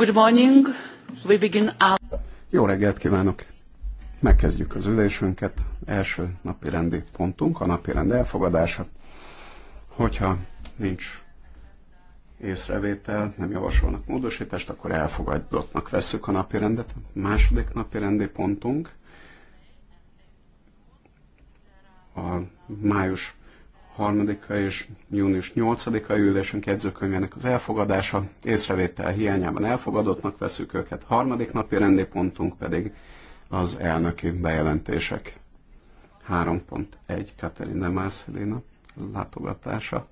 Good morning. We begin our... Jó reggelt kívánok! Megkezdjük az ülésünket. Első napi rendi pontunk, a napi rend elfogadása. Hogyha nincs észrevétel, nem javasolnak módosítást, akkor elfogadottnak veszük a napi rendet. A második napi rendi pontunk a május 3-a és június 8-a ülésünk jegyzőkönyvének az elfogadása. Észrevétel hiányában elfogadottnak veszük őket. Harmadik napi rendi pontunk pedig az elnöki bejelentések. 3.1 Katerina Mászelina látogatása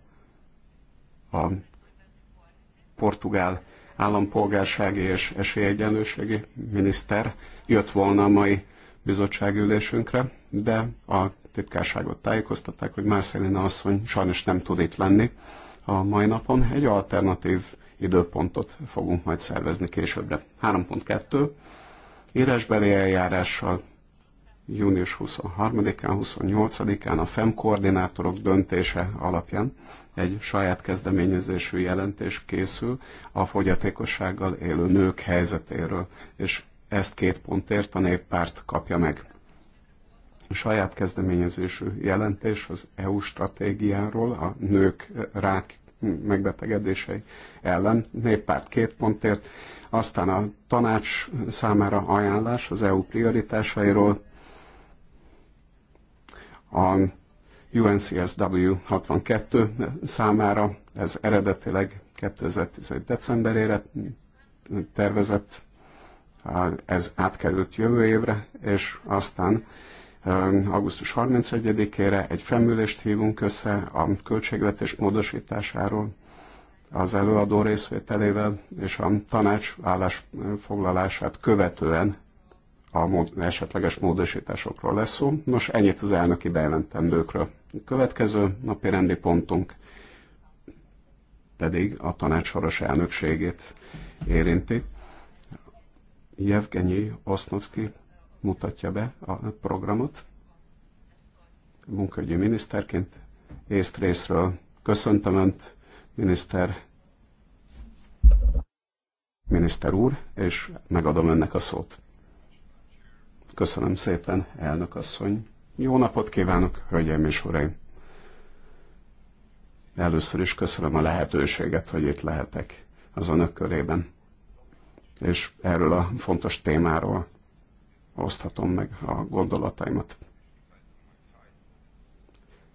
a portugál állampolgársági és esélyegyenlőségi miniszter jött volna a mai bizottságülésünkre, de a titkárságot tájékoztatták, hogy Márcelina asszony sajnos nem tud itt lenni a mai napon. Egy alternatív időpontot fogunk majd szervezni későbbre. 3.2. Írásbeli eljárással június 23-án, 28-án a FEM koordinátorok döntése alapján egy saját kezdeményezésű jelentés készül a fogyatékossággal élő nők helyzetéről, és ezt két pontért a néppárt kapja meg saját kezdeményezésű jelentés az EU stratégiáról a nők rák megbetegedései ellen, néppárt két pontért, aztán a tanács számára ajánlás az EU prioritásairól, a UNCSW 62 számára, ez eredetileg 2011. decemberére tervezett, ez átkerült jövő évre, és aztán augusztus 31-ére egy felműlést hívunk össze a költségvetés módosításáról az előadó részvételével és a tanács állásfoglalását követően a mód, esetleges módosításokról lesz szó. Nos, ennyit az elnöki bejelentendőkről. A következő napi rendi pontunk pedig a tanács soros elnökségét érinti. Jevgenyi Osznovszki mutatja be a programot. Munkaügyi miniszterként észt részről köszöntöm Önt, miniszter, miniszter úr, és megadom Önnek a szót. Köszönöm szépen, elnök asszony. Jó napot kívánok, hölgyeim és uraim! Először is köszönöm a lehetőséget, hogy itt lehetek az önök körében, és erről a fontos témáról oszthatom meg a gondolataimat.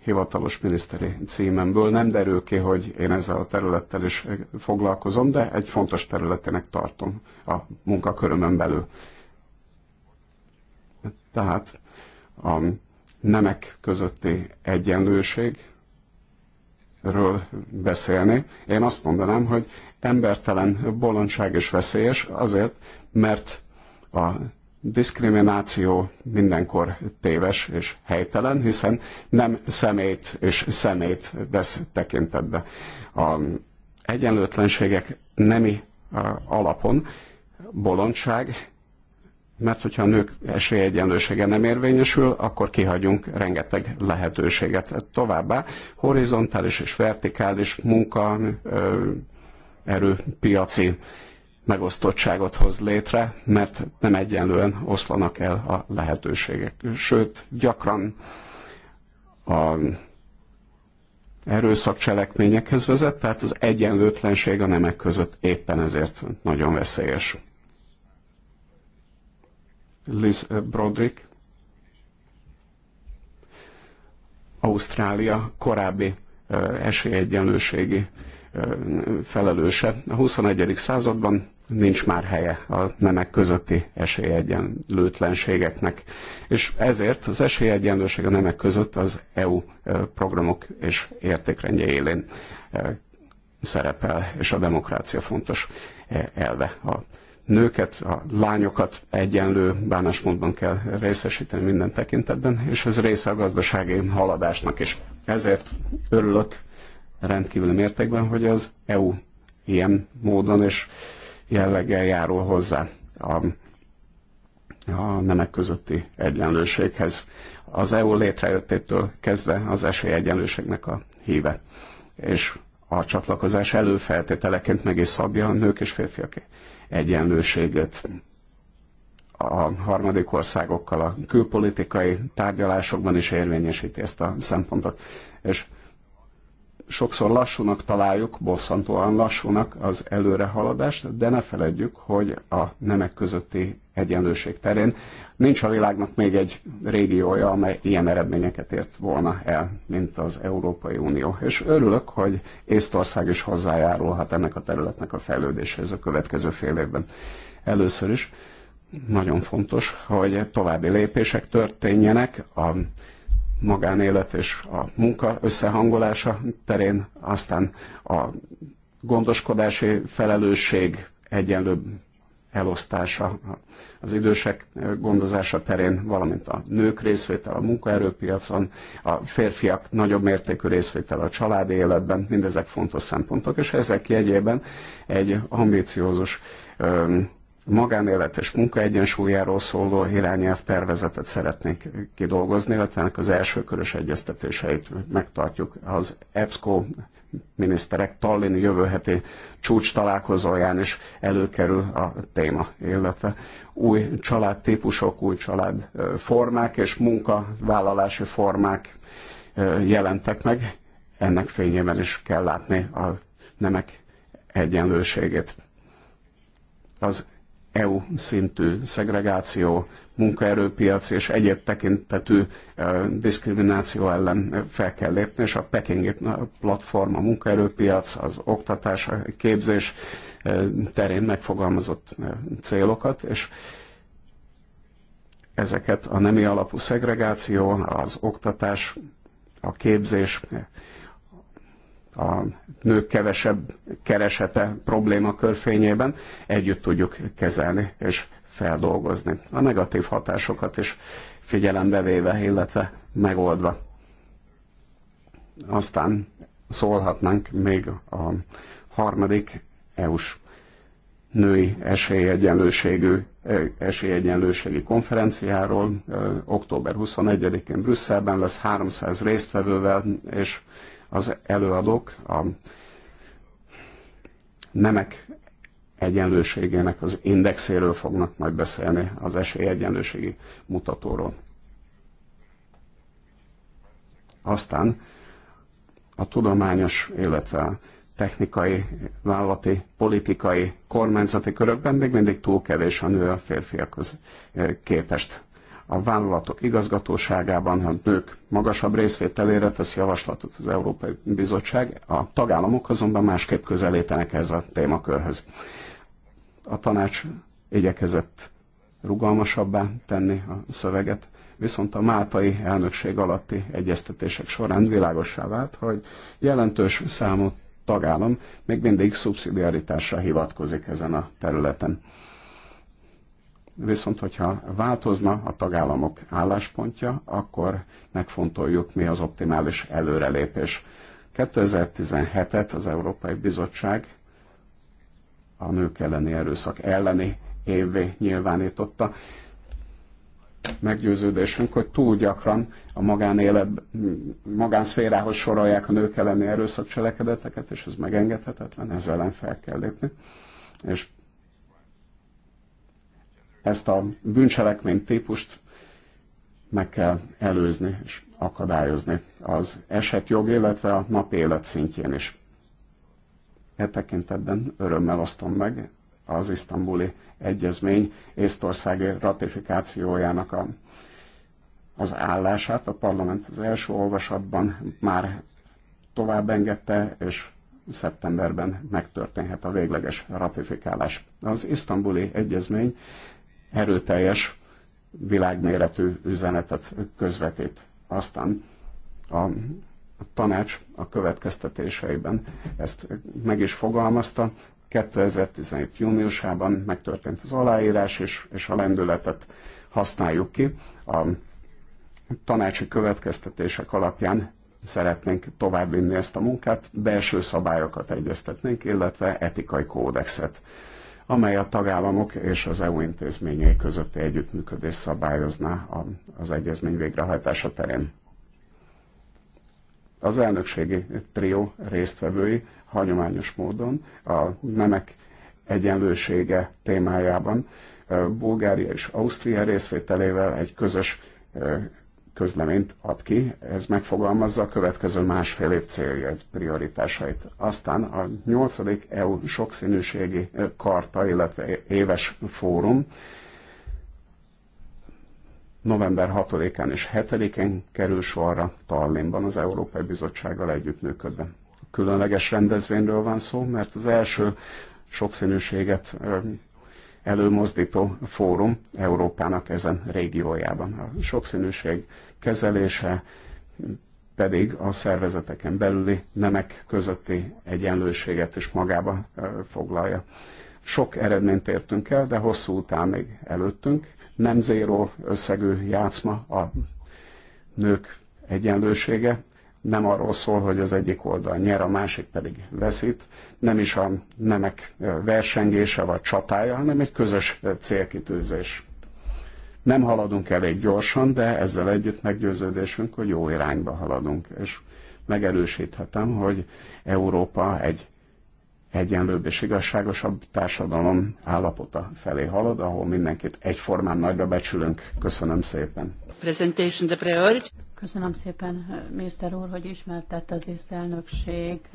Hivatalos miniszteri címemből nem derül ki, hogy én ezzel a területtel is foglalkozom, de egy fontos területének tartom a munkakörömön belül. Tehát a nemek közötti egyenlőségről beszélni. Én azt mondanám, hogy embertelen bolondság és veszélyes azért, mert a diszkrimináció mindenkor téves és helytelen, hiszen nem szemét és szemét vesz tekintetbe. A egyenlőtlenségek nemi alapon bolondság, mert hogyha a nők esélyegyenlősége nem érvényesül, akkor kihagyunk rengeteg lehetőséget. Továbbá horizontális és vertikális munka piaci megosztottságot hoz létre, mert nem egyenlően oszlanak el a lehetőségek. Sőt, gyakran a cselekményekhez vezet, tehát az egyenlőtlenség a nemek között éppen ezért nagyon veszélyes. Liz Broderick, Ausztrália korábbi esélyegyenlőségi felelőse. A 21. században nincs már helye a nemek közötti esélyegyenlőtlenségeknek. És ezért az esélyegyenlőség a nemek között az EU programok és értékrendje élén szerepel, és a demokrácia fontos elve. A nőket, a lányokat egyenlő bánásmódban kell részesíteni minden tekintetben, és ez része a gazdasági haladásnak is. Ezért örülök rendkívül mértékben, hogy az EU ilyen módon és jelleggel járul hozzá a, a nemek közötti egyenlőséghez. Az EU létrejöttétől kezdve az esélyegyenlőségnek a híve. És a csatlakozás előfeltételeként meg is szabja a nők és férfiak egyenlőségét a harmadik országokkal a külpolitikai tárgyalásokban is érvényesíti ezt a szempontot. És sokszor lassúnak találjuk, bosszantóan lassúnak az előrehaladást, de ne feledjük, hogy a nemek közötti egyenlőség terén nincs a világnak még egy régiója, amely ilyen eredményeket ért volna el, mint az Európai Unió. És örülök, hogy Észtország is hozzájárulhat ennek a területnek a fejlődéséhez a következő fél évben. Először is nagyon fontos, hogy további lépések történjenek a magánélet és a munka összehangolása terén, aztán a gondoskodási felelősség egyenlőbb elosztása, az idősek gondozása terén, valamint a nők részvétel a munkaerőpiacon, a férfiak nagyobb mértékű részvétel a családi életben, mindezek fontos szempontok, és ezek jegyében egy ambiciózus magánéletes munkaegyensúlyáról szóló irányelv tervezetet szeretnénk kidolgozni, illetve ennek az első körös egyeztetéseit megtartjuk az EBSCO miniszterek Tallinn jövő heti csúcs találkozóján is előkerül a téma, illetve új családtípusok, új családformák és munkavállalási formák jelentek meg. Ennek fényében is kell látni a nemek egyenlőségét az EU szintű szegregáció, munkaerőpiac és egyéb tekintetű diszkrimináció ellen fel kell lépni, és a Pekingi platform, a munkaerőpiac, az oktatás, a képzés terén megfogalmazott célokat, és ezeket a nemi alapú szegregáció, az oktatás, a képzés a nők kevesebb keresete probléma körfényében együtt tudjuk kezelni és feldolgozni. A negatív hatásokat is figyelembe véve, illetve megoldva. Aztán szólhatnánk még a harmadik EU-s női esélyegyenlőségű, eh, esélyegyenlőségi konferenciáról. Eh, október 21-én Brüsszelben lesz 300 résztvevővel, és az előadók a nemek egyenlőségének az indexéről fognak majd beszélni, az esélyegyenlőségi mutatóról. Aztán a tudományos, illetve technikai, vállalati, politikai, kormányzati körökben még mindig túl kevés a nő a férfiakhoz eh, képest a vállalatok igazgatóságában hanem nők magasabb részvételére tesz javaslatot az Európai Bizottság, a tagállamok azonban másképp közelítenek ez a témakörhöz. A tanács igyekezett rugalmasabbá tenni a szöveget, viszont a máltai elnökség alatti egyeztetések során világosá vált, hogy jelentős számú tagállam még mindig szubszidiaritásra hivatkozik ezen a területen. Viszont, hogyha változna a tagállamok álláspontja, akkor megfontoljuk, mi az optimális előrelépés. 2017-et az Európai Bizottság a nők elleni erőszak elleni évvé nyilvánította. Meggyőződésünk, hogy túl gyakran a magánélet, magánszférához sorolják a nők elleni erőszak cselekedeteket, és ez megengedhetetlen, ezzel ellen fel kell lépni. És ezt a bűncselekmény típust meg kell előzni és akadályozni az esetjog, illetve a napi élet szintjén is. E tekintetben örömmel osztom meg az isztambuli egyezmény észtországi ratifikációjának a, az állását. A parlament az első olvasatban már tovább engedte, és szeptemberben megtörténhet a végleges ratifikálás. Az isztambuli egyezmény erőteljes, világméretű üzenetet közvetít. Aztán a tanács a következtetéseiben ezt meg is fogalmazta. 2017. júniusában megtörtént az aláírás, és, és a lendületet használjuk ki. A tanácsi következtetések alapján szeretnénk továbbvinni ezt a munkát, belső szabályokat egyeztetnénk, illetve etikai kódexet amely a tagállamok és az EU intézményei közötti együttműködés szabályozná az egyezmény végrehajtása terén. Az elnökségi trió résztvevői hagyományos módon a nemek egyenlősége témájában Bulgária és Ausztria részvételével egy közös közleményt ad ki, ez megfogalmazza a következő másfél év céljait, prioritásait. Aztán a nyolcadik EU sokszínűségi karta, illetve éves fórum november 6-án és 7-én kerül sorra Tallinnban az Európai Bizottsággal együttműködve. Különleges rendezvényről van szó, mert az első sokszínűséget előmozdító fórum Európának ezen régiójában. A sokszínűség kezelése pedig a szervezeteken belüli nemek közötti egyenlőséget is magába foglalja. Sok eredményt értünk el, de hosszú után még előttünk. Nem zéró összegű játszma a nők egyenlősége, nem arról szól, hogy az egyik oldal nyer, a másik pedig veszít, nem is a nemek versengése vagy csatája, hanem egy közös célkitűzés. Nem haladunk elég gyorsan, de ezzel együtt meggyőződésünk, hogy jó irányba haladunk, és megerősíthetem, hogy Európa egy egyenlőbb és igazságosabb társadalom állapota felé halad, ahol mindenkit egyformán nagyra becsülünk. Köszönöm szépen. Köszönöm szépen, miniszter úr, hogy ismertette az észtelnökség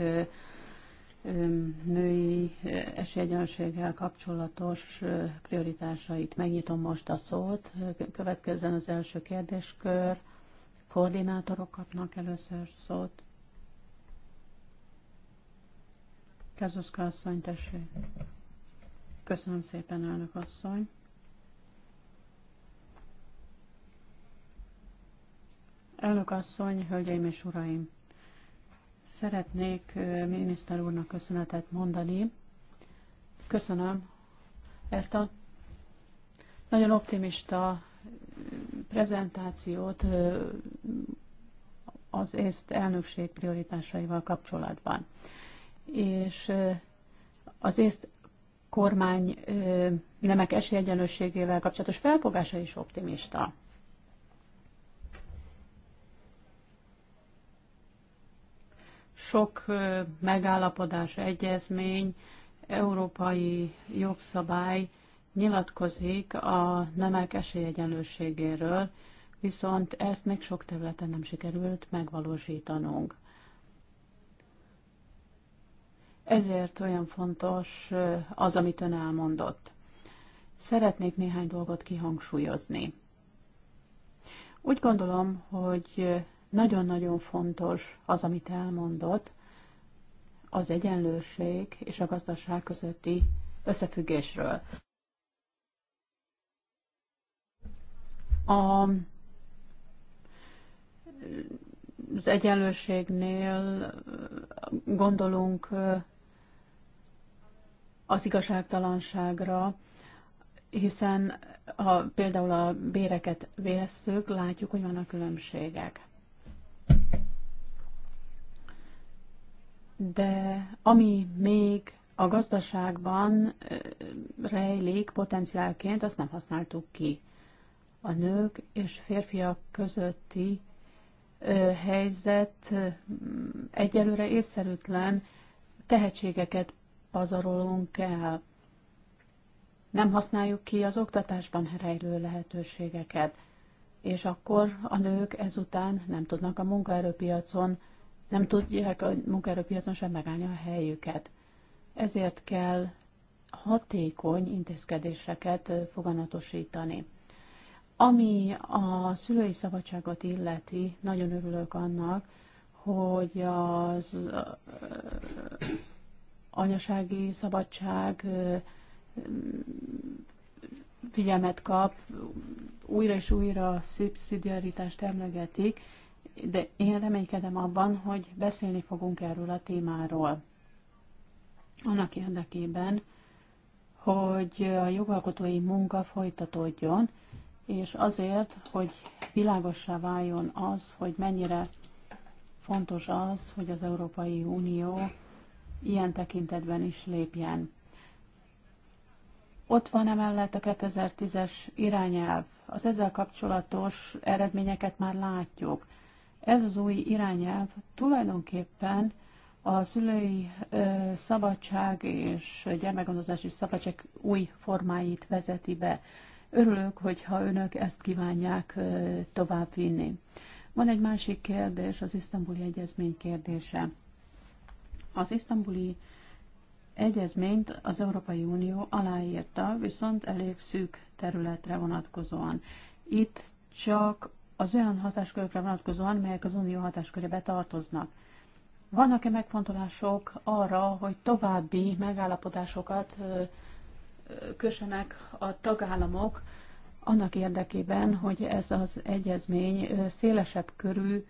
női esélyegyenlőséggel kapcsolatos prioritásait. Megnyitom most a szót. Következzen az első kérdéskör. Koordinátorok kapnak először szót. Kezuszka asszony, tessék. Köszönöm szépen, elnök asszony. Elnök asszony, hölgyeim és uraim! Szeretnék miniszter úrnak köszönetet mondani. Köszönöm ezt a nagyon optimista prezentációt az észt elnökség prioritásaival kapcsolatban. És az észt kormány nemek esélyegyenlőségével kapcsolatos felfogása is optimista. sok megállapodás, egyezmény, európai jogszabály nyilatkozik a nemek esélyegyenlőségéről, viszont ezt még sok területen nem sikerült megvalósítanunk. Ezért olyan fontos az, amit ön elmondott. Szeretnék néhány dolgot kihangsúlyozni. Úgy gondolom, hogy nagyon-nagyon fontos az, amit elmondott, az egyenlőség és a gazdaság közötti összefüggésről. A, az egyenlőségnél gondolunk az igazságtalanságra, hiszen ha például a béreket vészük, látjuk, hogy vannak különbségek. de ami még a gazdaságban rejlik potenciálként, azt nem használtuk ki. A nők és férfiak közötti helyzet egyelőre észszerűtlen, tehetségeket pazarolunk el. Nem használjuk ki az oktatásban rejlő lehetőségeket, és akkor a nők ezután nem tudnak a munkaerőpiacon nem tudják a munkaerőpiacon sem megállni a helyüket. Ezért kell hatékony intézkedéseket foganatosítani. Ami a szülői szabadságot illeti, nagyon örülök annak, hogy az anyasági szabadság figyelmet kap, újra és újra szubszidiaritást emlegetik, de én reménykedem abban, hogy beszélni fogunk erről a témáról. Annak érdekében, hogy a jogalkotói munka folytatódjon, és azért, hogy világossá váljon az, hogy mennyire fontos az, hogy az Európai Unió ilyen tekintetben is lépjen. Ott van emellett a 2010-es irányelv. Az ezzel kapcsolatos eredményeket már látjuk. Ez az új irányelv tulajdonképpen a szülői szabadság és gyermekgondozási szabadság új formáit vezeti be. Örülök, hogyha önök ezt kívánják továbbvinni. Van egy másik kérdés, az isztambuli egyezmény kérdése. Az isztambuli egyezményt az Európai Unió aláírta, viszont elég szűk területre vonatkozóan. Itt csak az olyan hatáskörökre vonatkozóan, melyek az unió hatáskörébe tartoznak. Vannak-e megfontolások arra, hogy további megállapodásokat kössenek a tagállamok annak érdekében, hogy ez az egyezmény szélesebb körű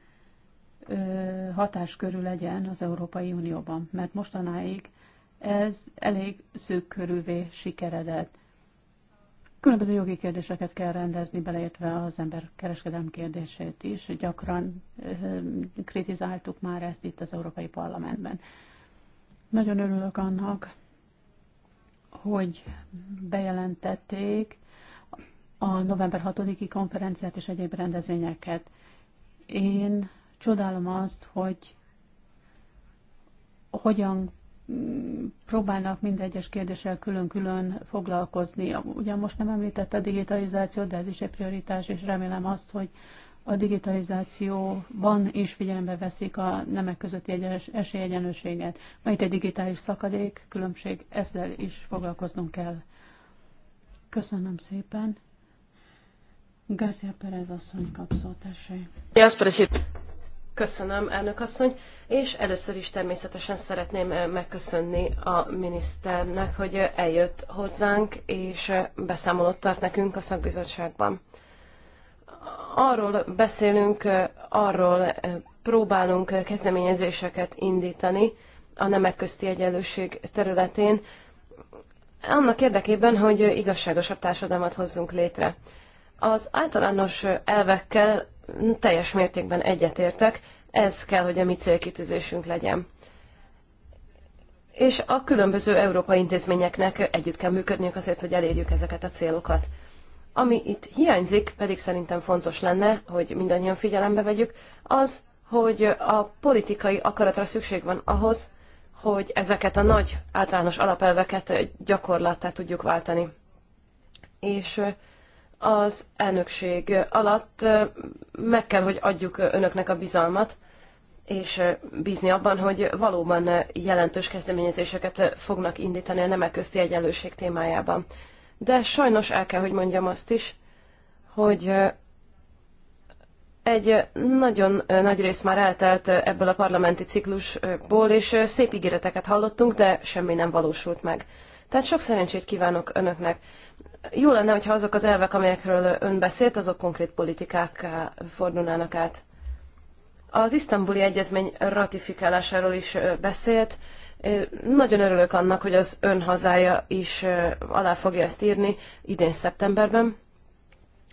hatáskörű legyen az Európai Unióban, mert mostanáig ez elég szűk körülvé sikeredett. Különböző jogi kérdéseket kell rendezni, beleértve az ember kereskedelm kérdését is. Gyakran eh, kritizáltuk már ezt itt az Európai Parlamentben. Nagyon örülök annak, hogy bejelentették a november 6-i konferenciát és egyéb rendezvényeket. Én csodálom azt, hogy hogyan próbálnak mindegyes kérdéssel külön-külön foglalkozni. Ugyan most nem említett a digitalizációt, de ez is egy prioritás, és remélem azt, hogy a digitalizációban is figyelembe veszik a nemek közötti egyenes, esélyegyenlőséget. Ma itt egy digitális szakadék, különbség, ezzel is foglalkoznunk kell. Köszönöm szépen. García Pérez asszony kapszó, tessék. Köszönöm, elnök asszony, és először is természetesen szeretném eh, megköszönni a miniszternek, hogy eh, eljött hozzánk, és eh, beszámolott tart nekünk a szakbizottságban. Arról beszélünk, arról próbálunk kezdeményezéseket indítani a nemek közti egyenlőség területén, annak érdekében, hogy igazságosabb társadalmat hozzunk létre. Az általános elvekkel teljes mértékben egyetértek, ez kell, hogy a mi célkitűzésünk legyen. És a különböző európai intézményeknek együtt kell működniük azért, hogy elérjük ezeket a célokat. Ami itt hiányzik, pedig szerintem fontos lenne, hogy mindannyian figyelembe vegyük, az, hogy a politikai akaratra szükség van ahhoz, hogy ezeket a nagy általános alapelveket gyakorlattá tudjuk váltani. És az elnökség alatt meg kell, hogy adjuk önöknek a bizalmat, és bízni abban, hogy valóban jelentős kezdeményezéseket fognak indítani a nemek közti egyenlőség témájában. De sajnos el kell, hogy mondjam azt is, hogy egy nagyon nagy rész már eltelt ebből a parlamenti ciklusból, és szép ígéreteket hallottunk, de semmi nem valósult meg. Tehát sok szerencsét kívánok önöknek. Jó lenne, hogyha azok az elvek, amelyekről ön beszélt, azok konkrét politikák fordulnának át. Az isztambuli egyezmény ratifikálásáról is beszélt. Nagyon örülök annak, hogy az ön hazája is alá fogja ezt írni idén szeptemberben.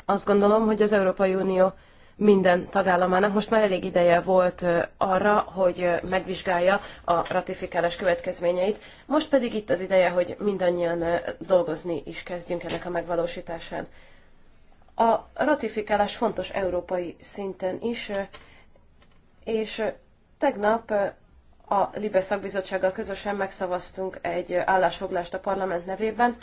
Azt gondolom, hogy az Európai Unió minden tagállamának. Most már elég ideje volt arra, hogy megvizsgálja a ratifikálás következményeit. Most pedig itt az ideje, hogy mindannyian dolgozni is kezdjünk ennek a megvalósításán. A ratifikálás fontos európai szinten is, és tegnap a Libe szakbizottsággal közösen megszavaztunk egy állásfoglást a parlament nevében,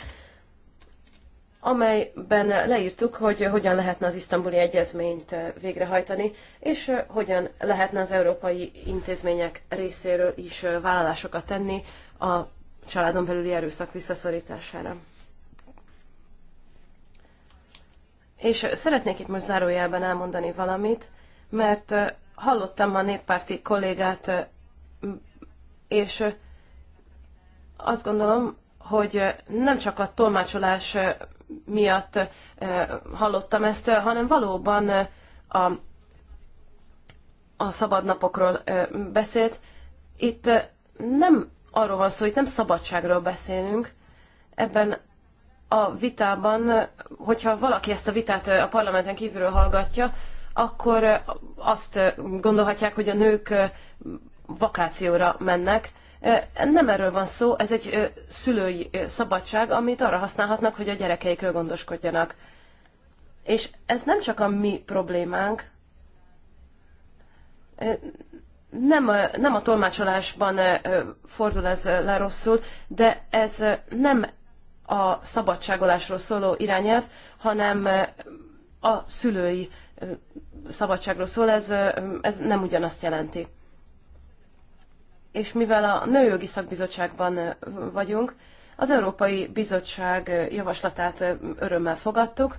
amelyben leírtuk, hogy hogyan lehetne az isztambuli egyezményt eh, végrehajtani, és eh, hogyan lehetne az európai intézmények részéről is eh, vállalásokat tenni a családon belüli erőszak visszaszorítására. És szeretnék itt most zárójelben elmondani valamit, mert hallottam a néppárti kollégát, és azt gondolom, hogy nem csak a tolmácsolás miatt eh, hallottam ezt, eh, hanem valóban eh, a, a szabadnapokról beszélt. Itt nem arról van szó, itt nem szabadságról beszélünk. Ebben a vitában, hogyha valaki ezt a vitát a parlamenten kívülről hallgatja, akkor azt gondolhatják, hogy a nők vakációra mennek, nem erről van szó, ez egy szülői szabadság, amit arra használhatnak, hogy a gyerekeikről gondoskodjanak. És ez nem csak a mi problémánk, nem, nem a tolmácsolásban fordul ez le rosszul, de ez nem a szabadságolásról szóló irányelv, hanem a szülői szabadságról szól, ez, ez nem ugyanazt jelenti és mivel a Nőjogi Szakbizottságban vagyunk, az Európai Bizottság javaslatát örömmel fogadtuk.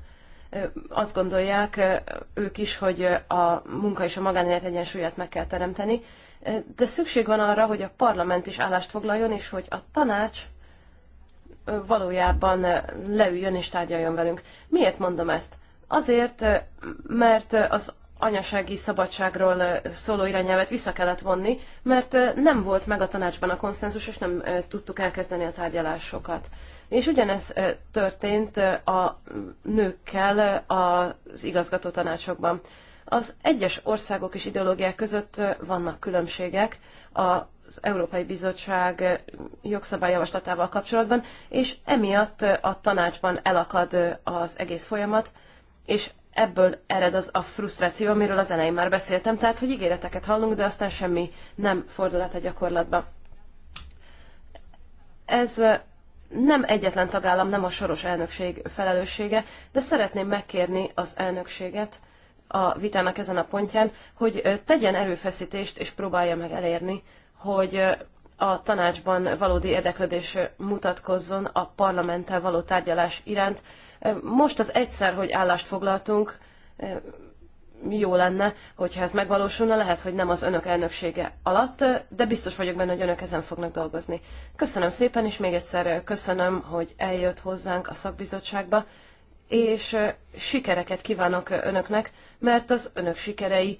Azt gondolják ők is, hogy a munka és a magánélet egyensúlyát meg kell teremteni, de szükség van arra, hogy a parlament is állást foglaljon, és hogy a tanács valójában leüljön és tárgyaljon velünk. Miért mondom ezt? Azért, mert az anyasági szabadságról szóló irányelvet vissza kellett vonni, mert nem volt meg a tanácsban a konszenzus, és nem tudtuk elkezdeni a tárgyalásokat. És ugyanez történt a nőkkel az igazgató tanácsokban. Az egyes országok és ideológiák között vannak különbségek az Európai Bizottság jogszabályjavaslatával kapcsolatban, és emiatt a tanácsban elakad az egész folyamat, és ebből ered az a frusztráció, amiről az elején már beszéltem, tehát hogy ígéreteket hallunk, de aztán semmi nem fordul át a gyakorlatba. Ez nem egyetlen tagállam, nem a soros elnökség felelőssége, de szeretném megkérni az elnökséget a vitának ezen a pontján, hogy tegyen erőfeszítést és próbálja meg elérni, hogy a tanácsban valódi érdeklődés mutatkozzon a parlamenttel való tárgyalás iránt, most az egyszer, hogy állást foglaltunk, eh, jó lenne, hogyha ez megvalósulna, lehet, hogy nem az önök elnöksége alatt, eh, de biztos vagyok benne, hogy önök ezen fognak dolgozni. Köszönöm szépen, és még egyszer eh, köszönöm, hogy eljött hozzánk a szakbizottságba, és sikereket kívánok önöknek, mert az önök sikerei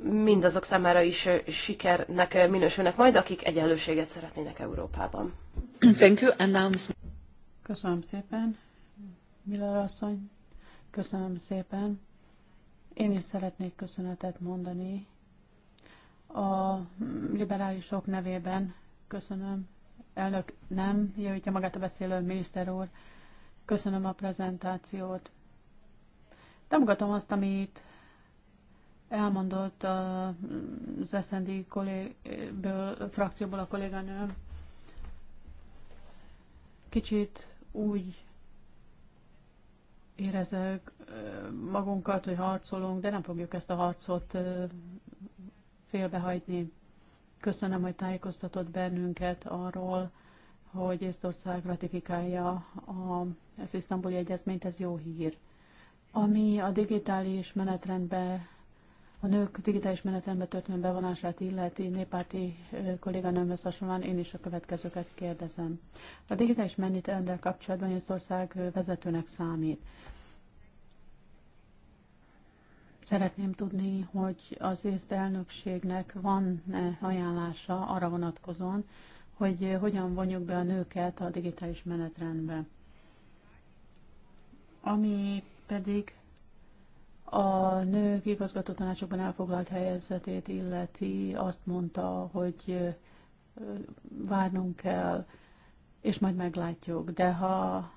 mindazok számára is sikernek minősülnek majd, akik egyenlőséget szeretnének Európában. Thank you, and now... Köszönöm szépen. Miller asszony, köszönöm szépen. Én is szeretnék köszönetet mondani. A liberálisok nevében köszönöm. Elnök nem, jövítja magát a beszélő miniszter úr. Köszönöm a prezentációt. Támogatom azt, amit elmondott az SZND frakcióból a kolléganőm. Kicsit úgy érezzük magunkat, hogy harcolunk, de nem fogjuk ezt a harcot félbehagyni. Köszönöm, hogy tájékoztatott bennünket arról, hogy Észtország ratifikálja az isztambuli egyezményt, ez jó hír. Ami a digitális menetrendbe a nők digitális menetrendbe történő bevonását illeti néppárti kolléganőmhöz hasonlóan én is a következőket kérdezem. A digitális menetrenddel kapcsolatban ország vezetőnek számít. Szeretném tudni, hogy az észt elnökségnek van -e ajánlása arra vonatkozóan, hogy hogyan vonjuk be a nőket a digitális menetrendbe. Ami pedig a nők igazgató tanácsokban elfoglalt helyzetét illeti, azt mondta, hogy várnunk kell, és majd meglátjuk. De ha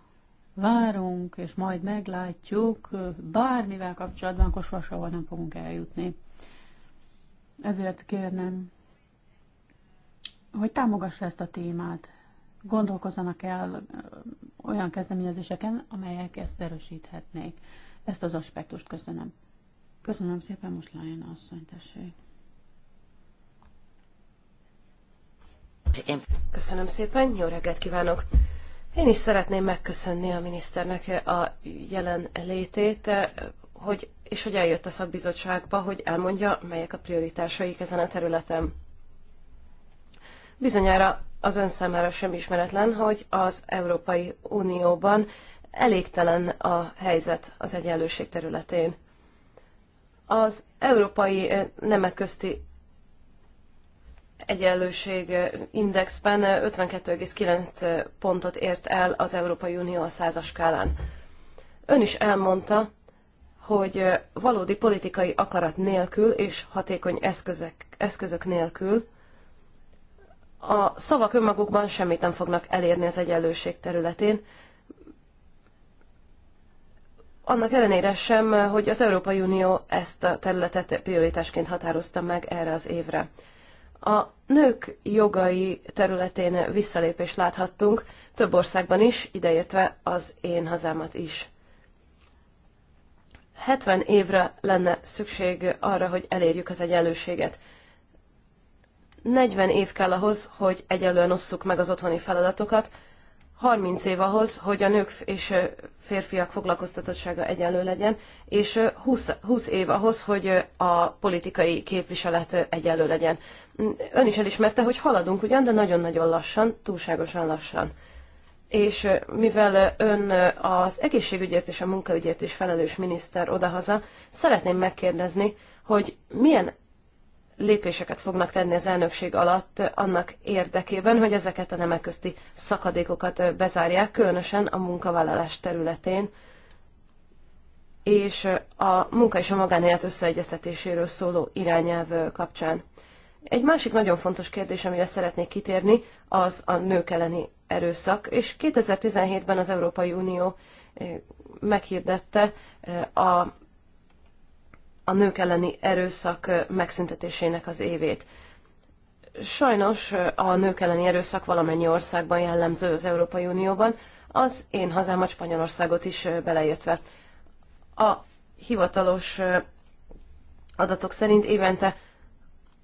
várunk, és majd meglátjuk, bármivel kapcsolatban, akkor sosem nem fogunk eljutni. Ezért kérnem, hogy támogassa ezt a témát. Gondolkozzanak el olyan kezdeményezéseken, amelyek ezt erősíthetnék ezt az aspektust. Köszönöm. Köszönöm szépen, most Lion asszony, tessék. Köszönöm szépen, jó reggelt kívánok! Én is szeretném megköszönni a miniszternek a jelen létét, hogy, és hogy eljött a szakbizottságba, hogy elmondja, melyek a prioritásaik ezen a területen. Bizonyára az ön számára sem ismeretlen, hogy az Európai Unióban elégtelen a helyzet az egyenlőség területén. Az európai eh, nemek közti egyenlőség eh, indexben 52,9 eh, pontot ért el az Európai Unió a százas skálán. Ön is elmondta, hogy valódi politikai akarat nélkül és hatékony eszközök, eszközök nélkül a szavak önmagukban semmit nem fognak elérni az egyenlőség területén, annak ellenére sem, hogy az Európai Unió ezt a területet prioritásként határozta meg erre az évre. A nők jogai területén visszalépést láthattunk, több országban is, ideértve az én hazámat is. 70 évre lenne szükség arra, hogy elérjük az egyenlőséget. 40 év kell ahhoz, hogy egyenlően osszuk meg az otthoni feladatokat, 30 év ahhoz, hogy a nők és férfiak foglalkoztatottsága egyenlő legyen, és 20, 20 év ahhoz, hogy a politikai képviselet egyenlő legyen. Ön is elismerte, hogy haladunk ugyan, de nagyon-nagyon lassan, túlságosan lassan. És mivel ön az egészségügyért és a munkaügyért is felelős miniszter odahaza, szeretném megkérdezni, hogy milyen lépéseket fognak tenni az elnökség alatt annak érdekében, hogy ezeket a nemek közti szakadékokat bezárják, különösen a munkavállalás területén, és a munka és a magánélet összeegyeztetéséről szóló irányelv kapcsán. Egy másik nagyon fontos kérdés, amire szeretnék kitérni, az a nők elleni erőszak, és 2017-ben az Európai Unió meghirdette a a nők elleni erőszak megszüntetésének az évét. Sajnos a nők elleni erőszak valamennyi országban jellemző az Európai Unióban, az én hazámat Spanyolországot is beleértve. A hivatalos adatok szerint évente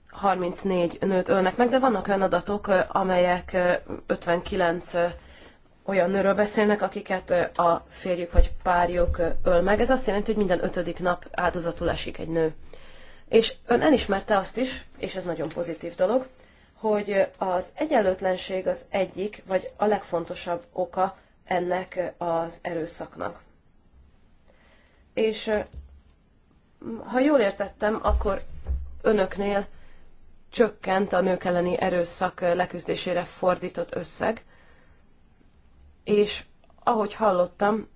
34 nőt ölnek meg, de vannak olyan adatok, amelyek 59 olyan nőről beszélnek, akiket a férjük vagy párjuk öl meg. Ez azt jelenti, hogy minden ötödik nap áldozatul esik egy nő. És ön elismerte azt is, és ez nagyon pozitív dolog, hogy az egyenlőtlenség az egyik, vagy a legfontosabb oka ennek az erőszaknak. És ha jól értettem, akkor önöknél csökkent a nők elleni erőszak leküzdésére fordított összeg, és ahogy hallottam,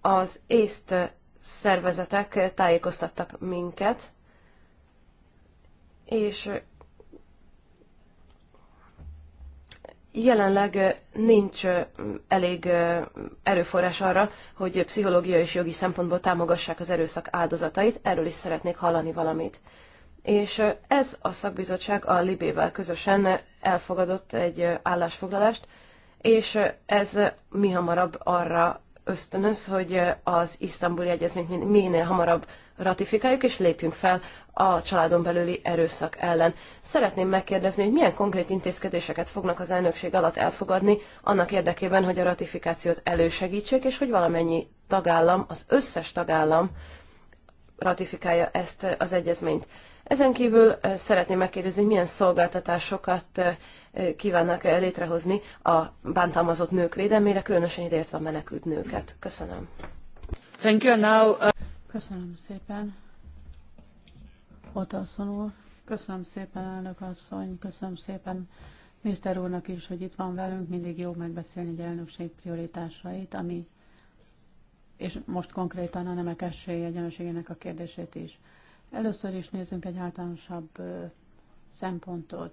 az észt szervezetek tájékoztattak minket, és jelenleg nincs elég erőforrás arra, hogy pszichológiai és jogi szempontból támogassák az erőszak áldozatait, erről is szeretnék hallani valamit és ez a szakbizottság a Libével közösen elfogadott egy állásfoglalást, és ez mi hamarabb arra ösztönöz, hogy az isztambuli egyezményt minél hamarabb ratifikáljuk és lépjünk fel a családon belüli erőszak ellen. Szeretném megkérdezni, hogy milyen konkrét intézkedéseket fognak az elnökség alatt elfogadni annak érdekében, hogy a ratifikációt elősegítsék, és hogy valamennyi tagállam, az összes tagállam ratifikálja ezt az egyezményt. Ezen kívül szeretném megkérdezni, hogy milyen szolgáltatásokat kívánnak létrehozni a bántalmazott nők védelmére, különösen ideértve a menekült nőket. Köszönöm. Thank you now. Uh... Köszönöm szépen. Ott Köszönöm szépen, elnök asszony. Köszönöm szépen miniszter úrnak is, hogy itt van velünk. Mindig jó megbeszélni egy elnökség prioritásait, ami és most konkrétan a nemek esély egyenlőségének a kérdését is. Először is nézzünk egy általánosabb szempontot.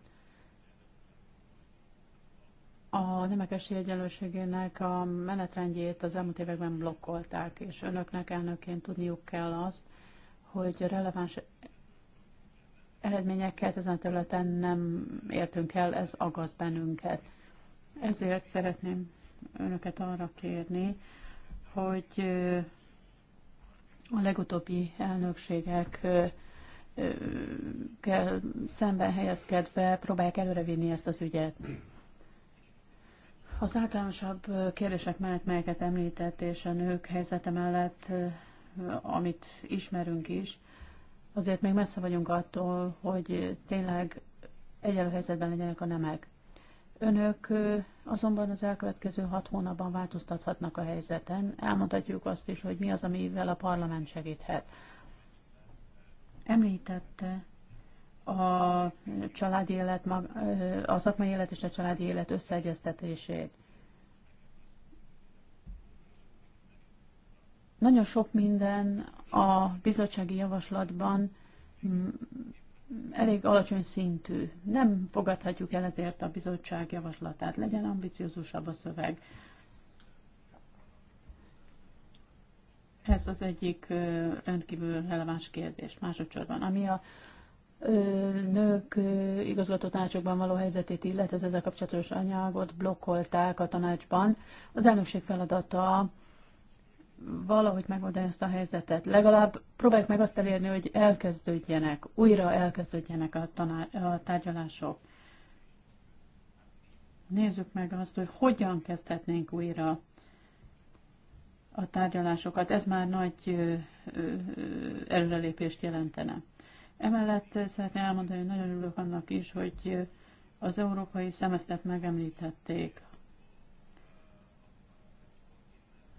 A nemek egyenlőségének a menetrendjét az elmúlt években blokkolták, és önöknek elnökként tudniuk kell azt, hogy releváns eredményeket ezen a területen nem értünk el, ez agaz bennünket. Ezért szeretném önöket arra kérni, hogy a legutóbbi elnökségek kell szemben helyezkedve próbálják előrevinni ezt az ügyet. Az általánosabb kérdések mellett, melyeket említett, és a nők helyzete mellett, amit ismerünk is, azért még messze vagyunk attól, hogy tényleg egyenlő helyzetben legyenek a nemek. Önök azonban az elkövetkező hat hónapban változtathatnak a helyzeten. Elmondhatjuk azt is, hogy mi az, amivel a parlament segíthet. Említette a családi élet, a szakmai élet és a családi élet összeegyeztetését. Nagyon sok minden a bizottsági javaslatban elég alacsony szintű. Nem fogadhatjuk el ezért a bizottság javaslatát. Legyen ambiciózusabb a szöveg. Ez az egyik rendkívül releváns kérdés. Másodszorban, ami a nők igazgató tanácsokban való helyzetét illet, az ezzel kapcsolatos anyagot blokkolták a tanácsban. Az elnökség feladata valahogy megoldani ezt a helyzetet. Legalább próbáljuk meg azt elérni, hogy elkezdődjenek, újra elkezdődjenek a, tanár, a tárgyalások. Nézzük meg azt, hogy hogyan kezdhetnénk újra a tárgyalásokat. Ez már nagy előrelépést jelentene. Emellett szeretném elmondani, hogy nagyon örülök annak is, hogy az európai szemesztet megemlítették.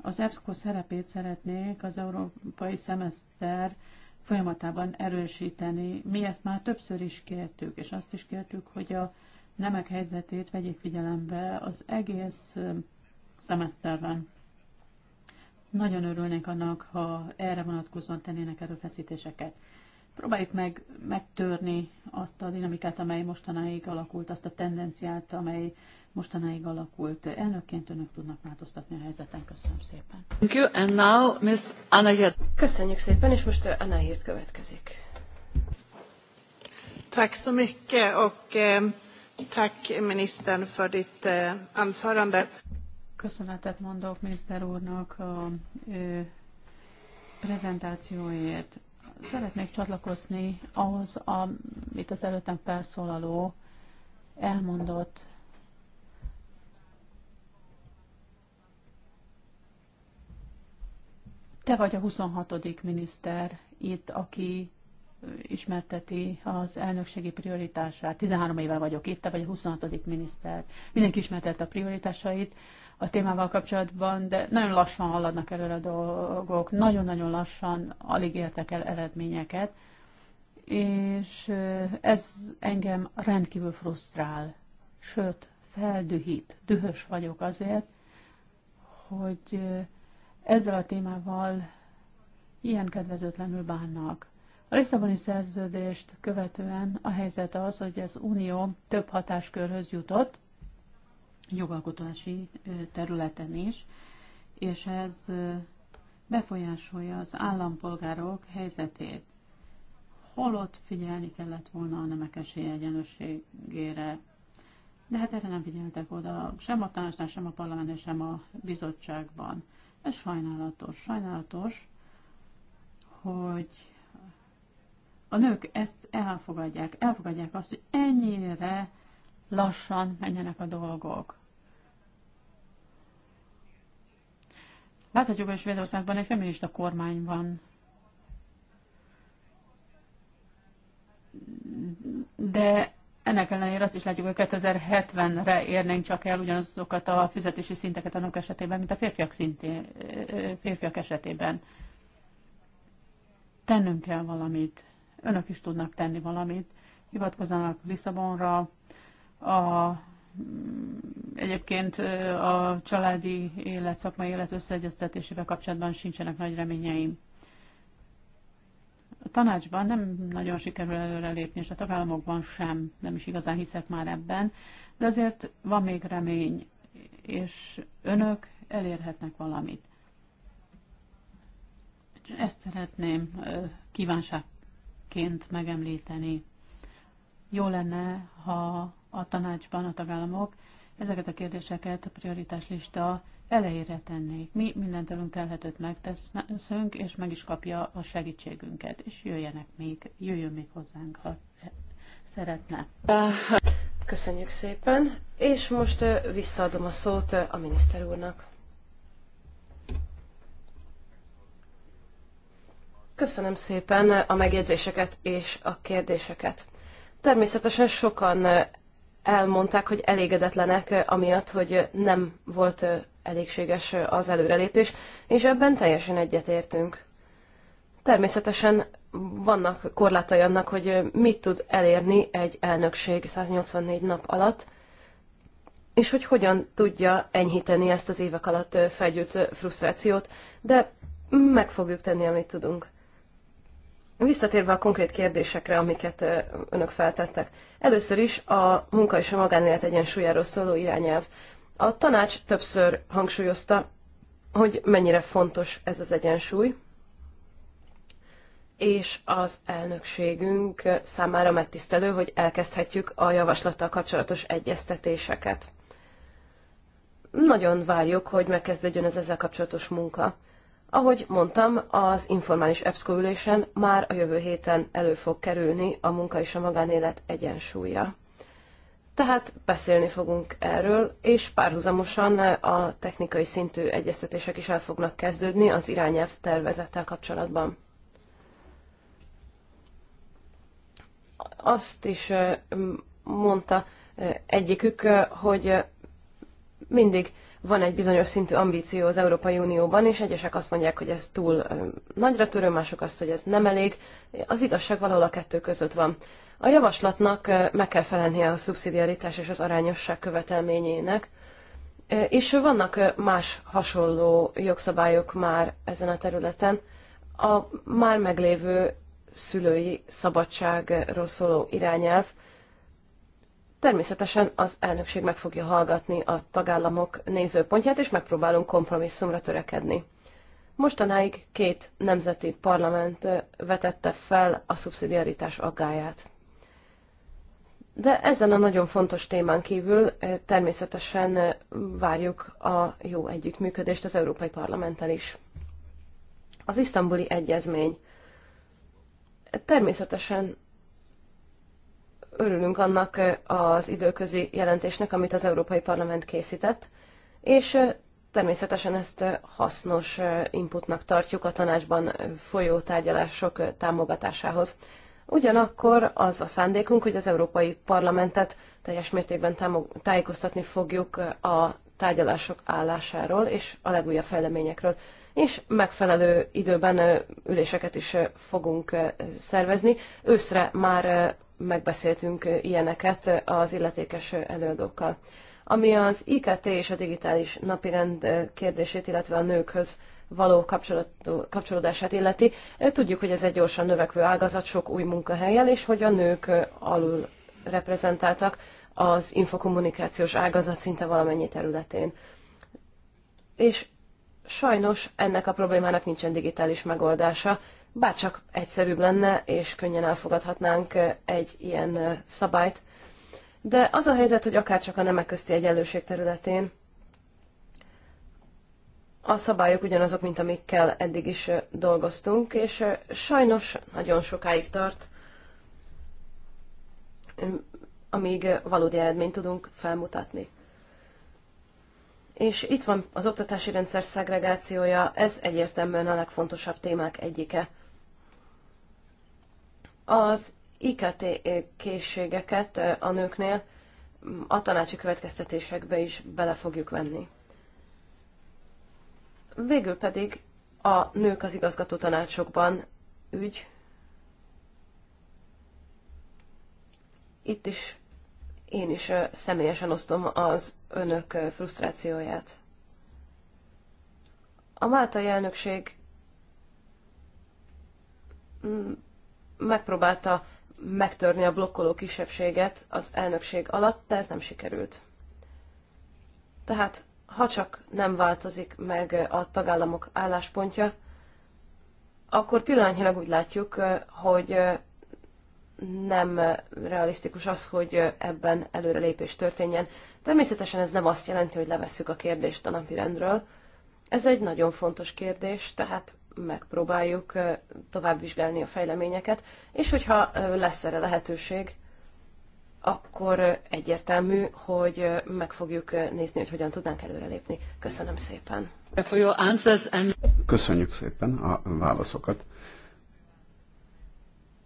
Az EBSCO szerepét szeretnék az európai szemeszter folyamatában erősíteni. Mi ezt már többször is kértük, és azt is kértük, hogy a nemek helyzetét vegyék figyelembe az egész um, szemeszterben. Nagyon örülnék annak, ha erre vonatkozóan tennének erőfeszítéseket próbáljuk meg megtörni azt a dinamikát, amely mostanáig alakult, azt a tendenciát, amely mostanáig alakult. Elnökként önök tudnak változtatni a helyzeten. Köszönöm szépen. Thank you, and now Miss Anna Köszönjük szépen, és most Anna Hirt következik. Tack så mycket och eh, tack ministern för ditt eh, anförande. Köszönetet mondok miniszter úrnak a ö, eh, prezentációért Szeretnék csatlakozni ahhoz, amit az előttem felszólaló elmondott. Te vagy a 26. miniszter itt, aki ismerteti az elnökségi prioritását. 13 éve vagyok itt, te vagy a 26. miniszter. Mindenki ismertette a prioritásait a témával kapcsolatban, de nagyon lassan haladnak előre a dolgok, nagyon-nagyon lassan, alig értek el eredményeket, és ez engem rendkívül frusztrál, sőt, feldühít, dühös vagyok azért, hogy ezzel a témával ilyen kedvezőtlenül bánnak. A Lisszaboni szerződést követően a helyzet az, hogy az Unió több hatáskörhöz jutott, jogalkotási területen is, és ez befolyásolja az állampolgárok helyzetét. Holott figyelni kellett volna a nemek esélyegyenlőségére, de hát erre nem figyeltek oda, sem a tanácsnál, sem a parlamentben, sem a bizottságban. Ez sajnálatos. Sajnálatos, hogy a nők ezt elfogadják. Elfogadják azt, hogy ennyire lassan menjenek a dolgok. Láthatjuk, hogy Svédországban egy feminista kormány van. De ennek ellenére azt is látjuk, hogy 2070-re érnénk csak el ugyanazokat a fizetési szinteket a nők esetében, mint a férfiak, szintén, férfiak esetében. Tennünk kell valamit. Önök is tudnak tenni valamit. Hivatkozzanak Lisszabonra, a, egyébként a családi élet, szakmai élet összeegyeztetésével kapcsolatban sincsenek nagy reményeim. A tanácsban nem nagyon sikerül előrelépni, és a tagállamokban sem, nem is igazán hiszek már ebben, de azért van még remény, és önök elérhetnek valamit. Ezt szeretném kívánságként megemlíteni. Jó lenne, ha a tanácsban a tagállamok ezeket a kérdéseket a prioritáslista elejére tennék. Mi mindentőlünk telhetőt megteszünk, és meg is kapja a segítségünket, és jöjjenek még, jöjjön még hozzánk, ha szeretne. Köszönjük szépen, és most visszaadom a szót a miniszter úrnak. Köszönöm szépen a megjegyzéseket és a kérdéseket. Természetesen sokan elmondták, hogy elégedetlenek eh, amiatt, hogy eh, nem volt eh, elégséges az előrelépés, és ebben teljesen egyetértünk. Természetesen vannak korlátai annak, hogy mit tud elérni egy elnökség 184 nap alatt, és hogy hogyan tudja enyhíteni ezt az évek alatt felgyűlt frusztrációt, de meg fogjuk tenni, amit tudunk. Visszatérve a konkrét kérdésekre, amiket önök feltettek. Először is a munka és a magánélet egyensúlyáról szóló irányelv. A tanács többször hangsúlyozta, hogy mennyire fontos ez az egyensúly, és az elnökségünk számára megtisztelő, hogy elkezdhetjük a javaslattal kapcsolatos egyeztetéseket. Nagyon várjuk, hogy megkezdődjön az ezzel kapcsolatos munka. Ahogy mondtam, az informális EBSCO ülésen már a jövő héten elő fog kerülni a munka és a magánélet egyensúlya. Tehát beszélni fogunk erről, és párhuzamosan a technikai szintű egyeztetések is el fognak kezdődni az irányelv tervezettel kapcsolatban. Azt is mondta egyikük, hogy mindig van egy bizonyos szintű ambíció az Európai Unióban, és egyesek azt mondják, hogy ez túl nagyra törő, mások azt, hogy ez nem elég. Az igazság valahol a kettő között van. A javaslatnak meg kell felelnie a szubszidiaritás és az arányosság követelményének, és vannak más hasonló jogszabályok már ezen a területen. A már meglévő szülői szabadságról szóló irányelv, Természetesen az elnökség meg fogja hallgatni a tagállamok nézőpontját, és megpróbálunk kompromisszumra törekedni. Mostanáig két nemzeti parlament vetette fel a szubszidiaritás aggáját. De ezen a nagyon fontos témán kívül természetesen várjuk a jó együttműködést az Európai Parlamenttel is. Az isztambuli egyezmény. Természetesen örülünk annak az időközi jelentésnek, amit az Európai Parlament készített, és természetesen ezt hasznos inputnak tartjuk a tanácsban folyó tárgyalások támogatásához. Ugyanakkor az a szándékunk, hogy az Európai Parlamentet teljes mértékben tájékoztatni fogjuk a tárgyalások állásáról és a legújabb fejleményekről. És megfelelő időben üléseket is fogunk szervezni. Őszre már megbeszéltünk ilyeneket az illetékes előadókkal. Ami az IKT és a digitális napirend kérdését, illetve a nőkhöz való kapcsolódását illeti, tudjuk, hogy ez egy gyorsan növekvő ágazat sok új munkahelyen, és hogy a nők alul reprezentáltak az infokommunikációs ágazat szinte valamennyi területén. És sajnos ennek a problémának nincsen digitális megoldása, bárcsak egyszerűbb lenne, és könnyen elfogadhatnánk eh, egy ilyen eh, szabályt. De az a helyzet, hogy akárcsak a nemek közti egyenlőség területén a szabályok ugyanazok, mint amikkel eddig is eh, dolgoztunk, és sajnos nagyon sokáig tart, amíg valódi eredményt tudunk felmutatni. És itt van az oktatási rendszer szegregációja, ez egyértelműen a legfontosabb témák egyike – az IKT készségeket a nőknél a tanácsi következtetésekbe is bele fogjuk venni. Végül pedig a nők az igazgató tanácsokban ügy. Itt is én is személyesen osztom az önök frusztrációját. A Máltai elnökség mm, megpróbálta megtörni a blokkoló kisebbséget az elnökség alatt, de ez nem sikerült. Tehát, ha csak nem változik meg a tagállamok álláspontja, akkor pillanatnyilag úgy látjuk, hogy nem realisztikus az, hogy ebben előrelépés történjen. Természetesen ez nem azt jelenti, hogy levesszük a kérdést a napirendről. Ez egy nagyon fontos kérdés, tehát megpróbáljuk továbbvizsgálni a fejleményeket, és hogyha lesz erre lehetőség, akkor egyértelmű, hogy meg fogjuk nézni, hogy hogyan tudnánk előrelépni. Köszönöm szépen. Köszönjük szépen a válaszokat.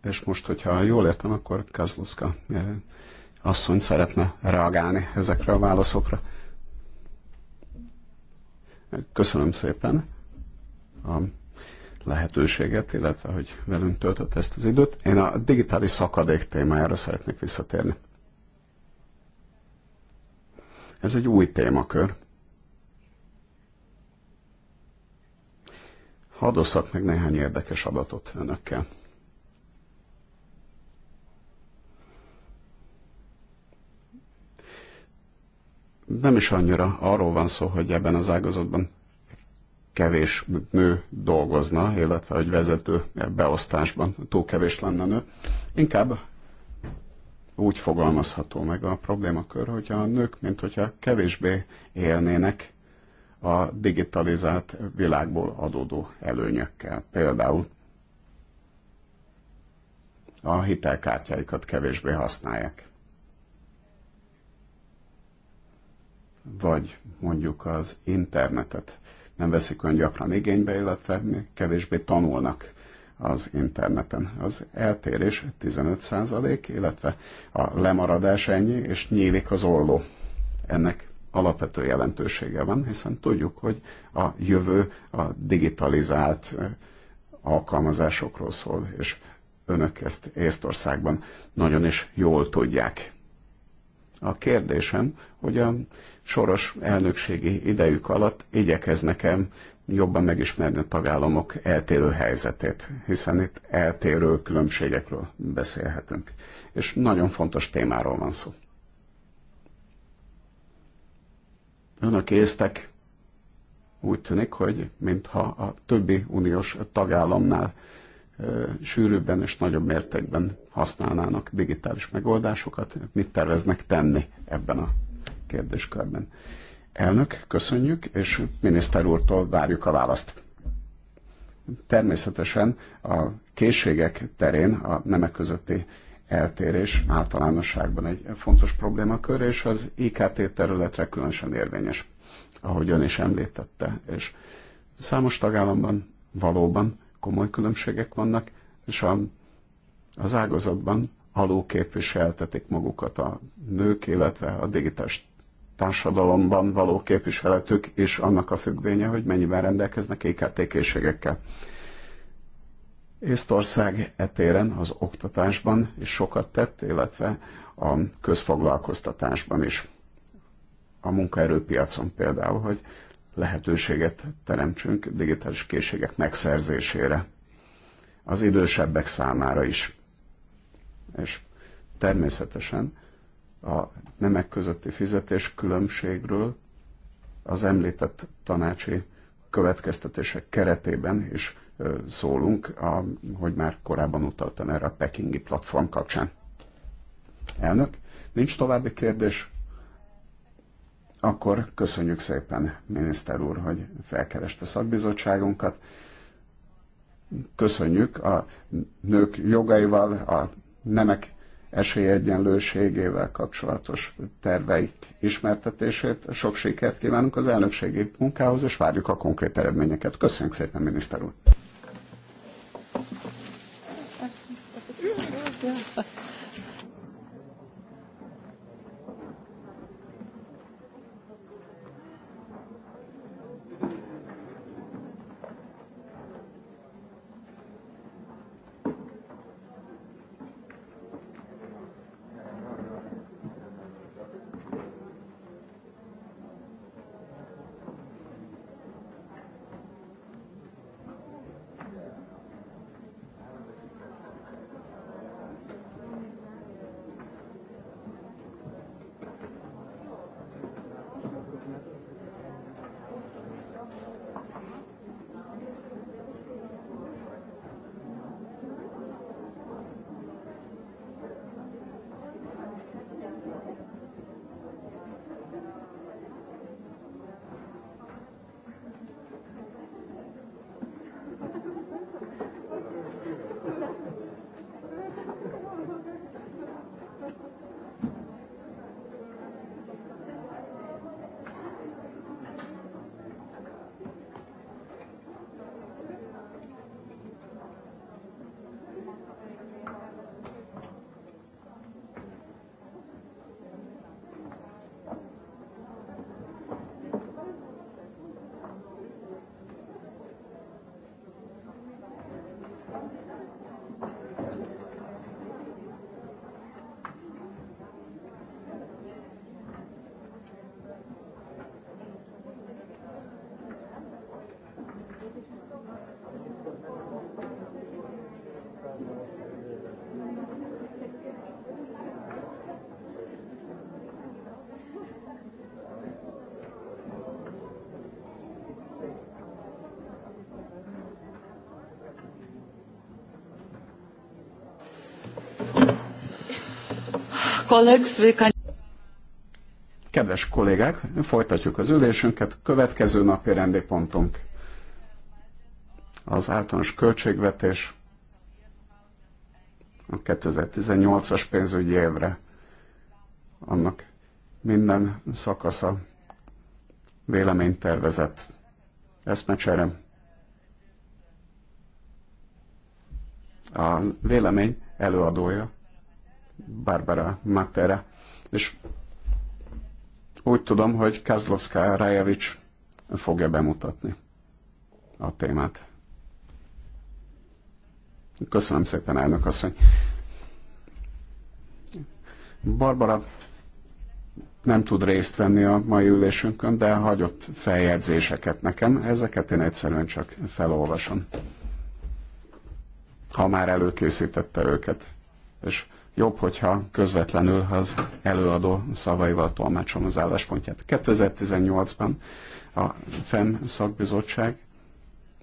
És most, hogyha jól értem, akkor Kazluszka asszony szeretne reagálni ezekre a válaszokra. Köszönöm szépen a lehetőséget, illetve hogy velünk töltött ezt az időt. Én a digitális szakadék témájára szeretnék visszatérni. Ez egy új témakör. Hadd osszak meg néhány érdekes adatot önökkel. Nem is annyira arról van szó, hogy ebben az ágazatban kevés nő dolgozna, illetve hogy vezető beosztásban túl kevés lenne nő. Inkább úgy fogalmazható meg a problémakör, hogy a nők, mint hogyha kevésbé élnének a digitalizált világból adódó előnyökkel. Például a hitelkártyáikat kevésbé használják. Vagy mondjuk az internetet nem veszik olyan gyakran igénybe, illetve kevésbé tanulnak az interneten. Az eltérés 15%, illetve a lemaradás ennyi, és nyílik az olló. Ennek alapvető jelentősége van, hiszen tudjuk, hogy a jövő a digitalizált alkalmazásokról szól, és önök ezt Észtországban nagyon is jól tudják. A kérdésem, hogy a soros elnökségi idejük alatt igyekeznek-e jobban megismerni a tagállamok eltérő helyzetét, hiszen itt eltérő különbségekről beszélhetünk. És nagyon fontos témáról van szó. Önök észtek, úgy tűnik, hogy mintha a többi uniós tagállamnál sűrűbben és nagyobb mértékben használnának digitális megoldásokat. Mit terveznek tenni ebben a kérdéskörben? Elnök, köszönjük, és miniszter úrtól várjuk a választ. Természetesen a készségek terén a nemek közötti eltérés általánosságban egy fontos problémakör, és az IKT területre különösen érvényes, ahogy ön is említette. És számos tagállamban valóban komoly különbségek vannak, és a, az ágazatban alul képviseltetik magukat a nők, illetve a digitális társadalomban való képviseletük és annak a függvénye, hogy mennyiben rendelkeznek IKT készségekkel. Észtország etéren az oktatásban is sokat tett, illetve a közfoglalkoztatásban is. A munkaerőpiacon például, hogy lehetőséget teremtsünk digitális készségek megszerzésére az idősebbek számára is. És természetesen a nemek közötti fizetés különbségről az említett tanácsi következtetések keretében is szólunk, a, hogy már korábban utaltam erre a pekingi platform kapcsán. Elnök, nincs további kérdés, akkor köszönjük szépen, miniszter úr, hogy felkereste szakbizottságunkat. Köszönjük a nők jogaival, a nemek esélyegyenlőségével kapcsolatos terveik ismertetését. Sok sikert kívánunk az elnökségi munkához, és várjuk a konkrét eredményeket. Köszönjük szépen, miniszter úr! Kedves kollégák, folytatjuk az ülésünket. Következő napi rendi pontunk az általános költségvetés a 2018-as pénzügyi évre. Annak minden szakasza véleménytervezet. Eszmecsere. A vélemény előadója Barbara Matera. És úgy tudom, hogy Kazlovská Rajevics fogja bemutatni a témát. Köszönöm szépen, elnök asszony. Barbara nem tud részt venni a mai ülésünkön, de hagyott feljegyzéseket nekem. Ezeket én egyszerűen csak felolvasom. Ha már előkészítette őket. És jobb, hogyha közvetlenül az előadó szavaival tolmácsolom az álláspontját. 2018-ban a FEM szakbizottság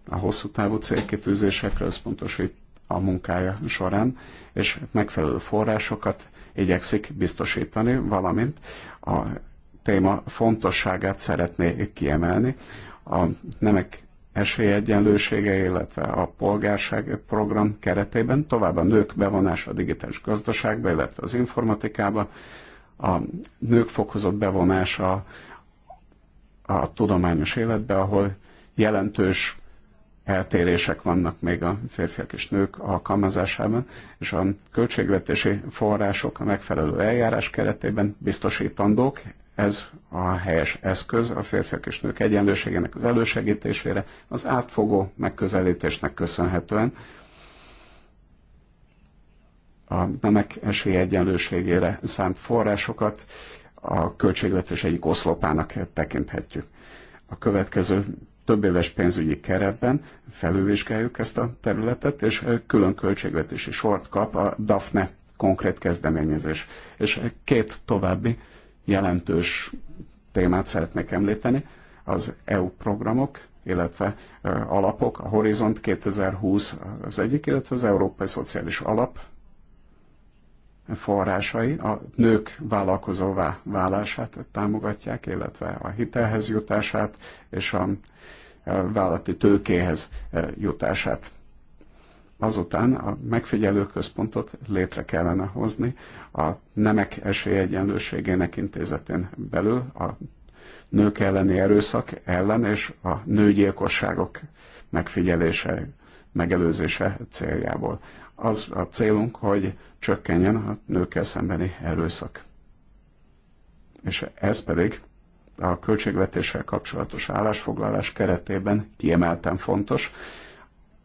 a hosszú távú célkitűzésekre összpontosít a munkája során, és megfelelő forrásokat igyekszik biztosítani, valamint a téma fontosságát szeretné kiemelni, a nemek esélyegyenlősége, illetve a polgárság program keretében, tovább a nők bevonása a digitális gazdaságba, illetve az informatikába, a nők fokozott bevonása a tudományos életbe, ahol jelentős eltérések vannak még a férfiak és nők alkalmazásában, és a költségvetési források a megfelelő eljárás keretében biztosítandók, ez a helyes eszköz a férfiak és nők egyenlőségének az elősegítésére, az átfogó megközelítésnek köszönhetően a nemek esélyegyenlőségére szánt forrásokat a költségvetés egyik oszlopának tekinthetjük. A következő több éves pénzügyi keretben felülvizsgáljuk ezt a területet, és külön költségvetési sort kap a DAFNE konkrét kezdeményezés. És két további jelentős témát szeretnék említeni, az EU programok, illetve alapok, a Horizont 2020 az egyik, illetve az Európai Szociális Alap forrásai a nők vállalkozóvá válását támogatják, illetve a hitelhez jutását és a vállalati tőkéhez jutását azután a megfigyelő központot létre kellene hozni a nemek esélyegyenlőségének intézetén belül, a nők elleni erőszak ellen és a nőgyilkosságok megfigyelése, megelőzése céljából. Az a célunk, hogy csökkenjen a nőkkel szembeni erőszak. És ez pedig a költségvetéssel kapcsolatos állásfoglalás keretében kiemelten fontos,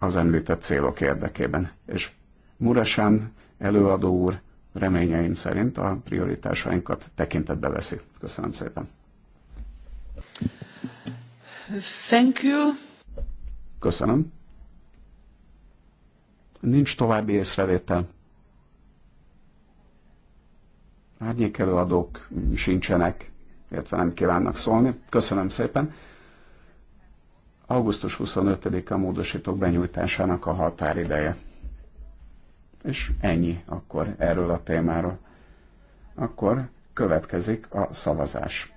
az említett célok érdekében. És Murasán előadó úr reményeim szerint a prioritásainkat tekintetbe veszi. Köszönöm szépen. Thank you. Köszönöm. Nincs további észrevétel. előadók sincsenek, illetve nem kívánnak szólni. Köszönöm szépen. Augusztus 25-a módosítók benyújtásának a határideje. És ennyi akkor erről a témáról. Akkor következik a szavazás,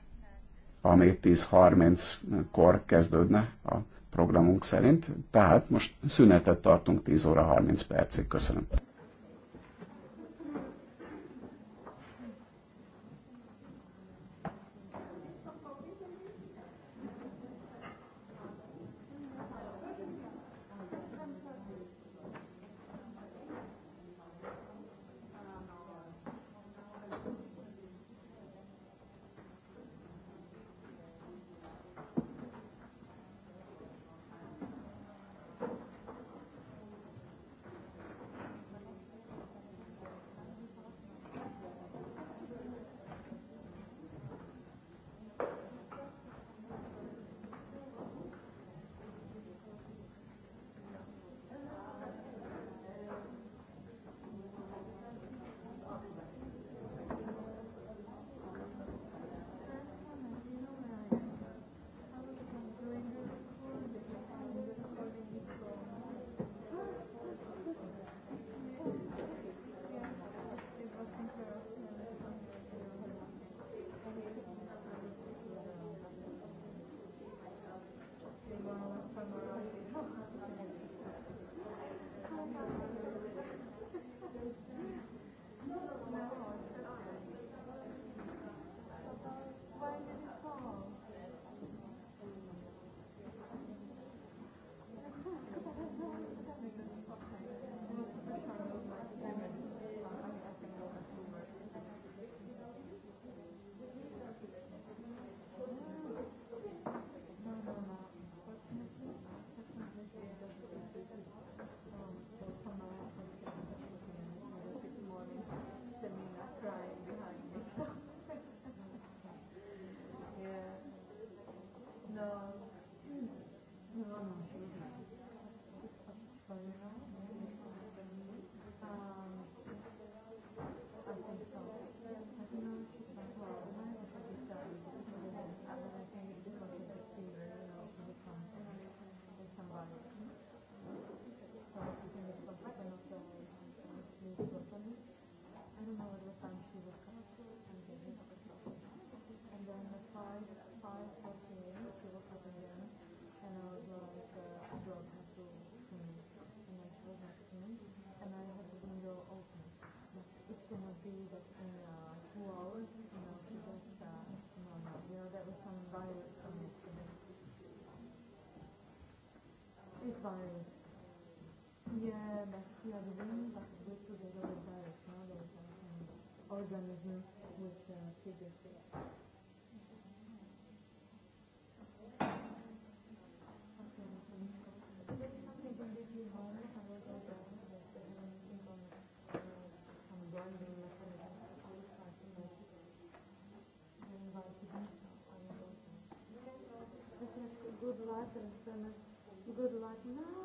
ami 10.30-kor kezdődne a programunk szerint, tehát most szünetet tartunk 10 óra 30 percig. Köszönöm. weil ähm, ich weil wir das hier gewinnen, was wird zu der Organismus with uh, figure six. and good luck No.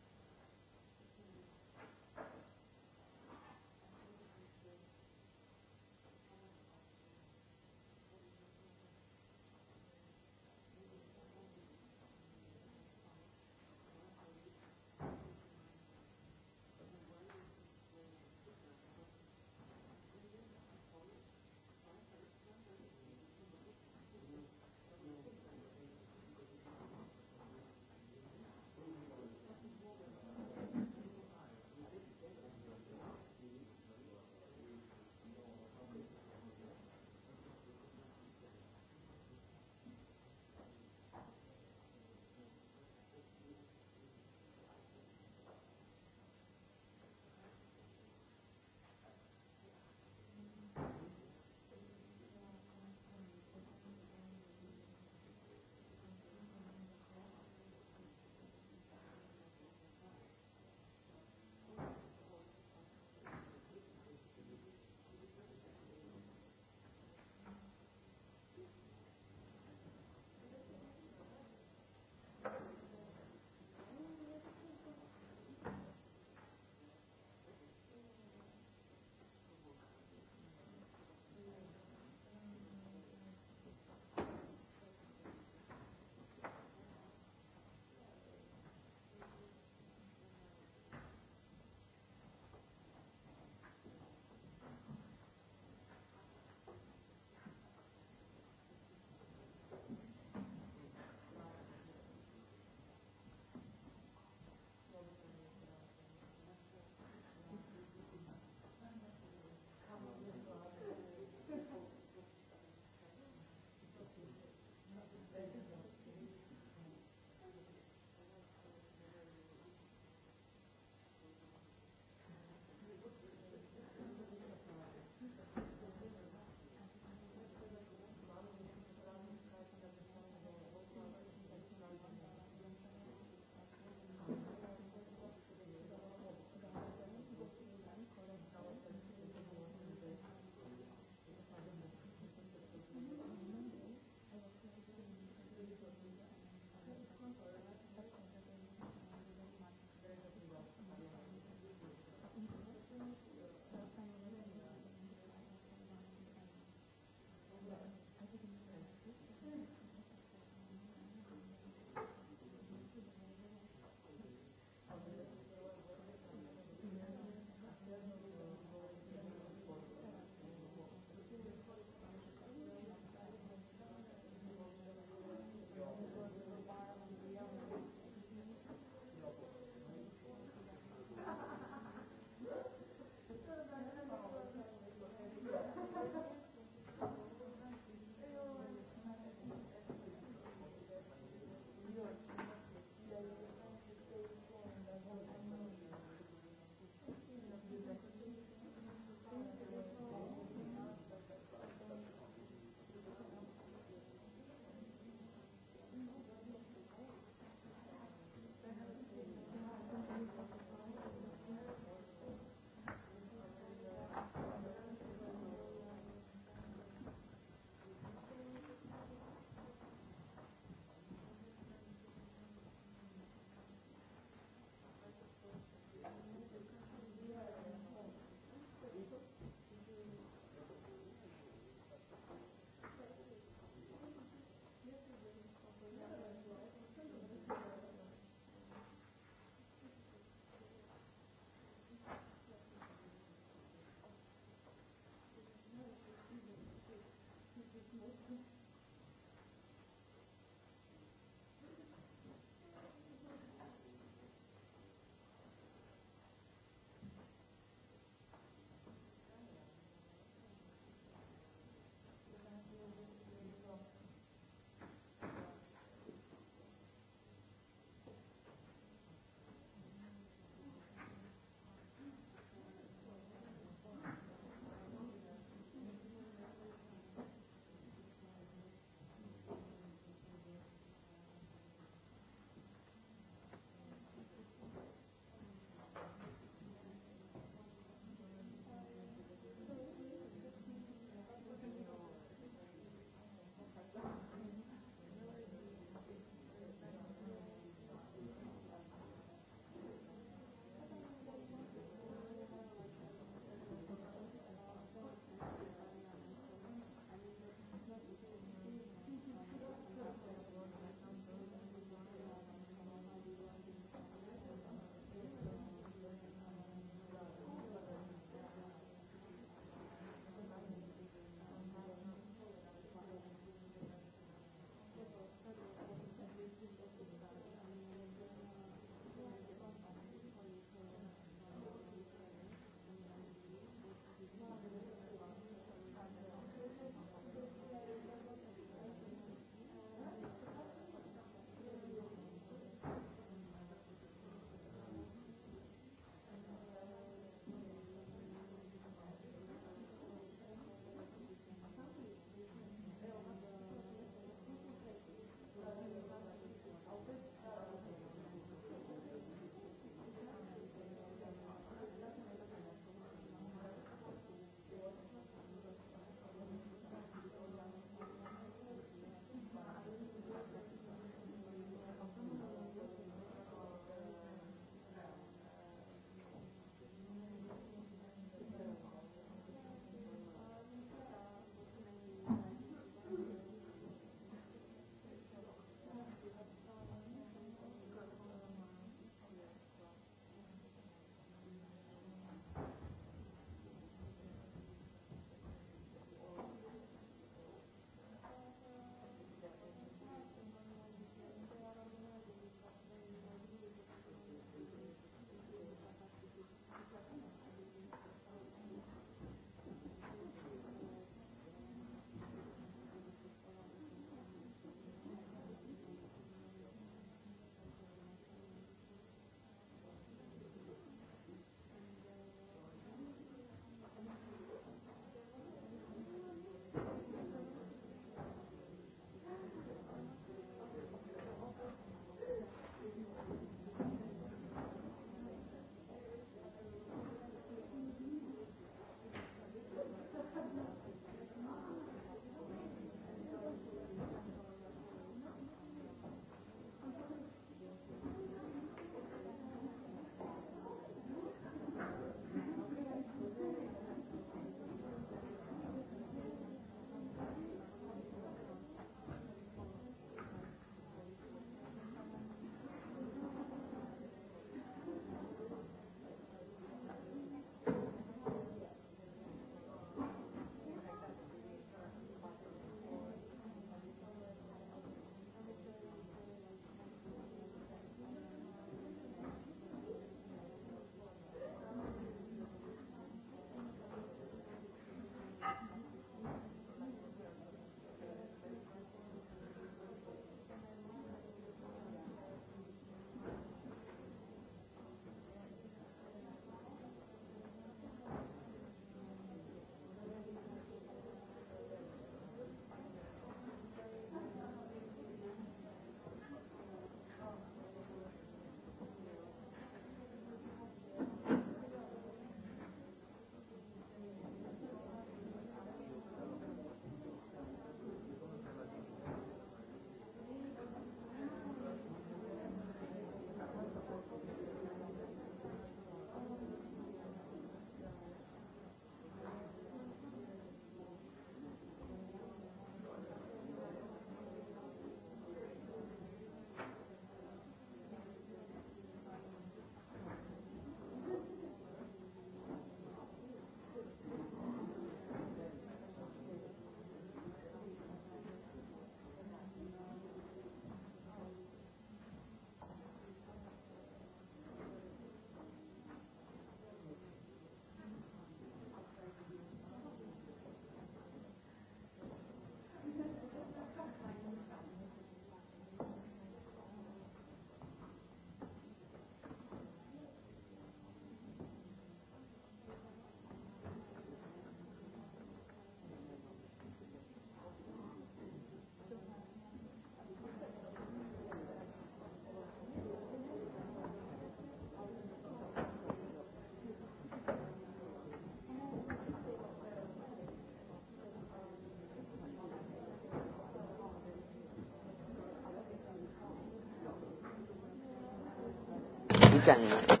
Balkan.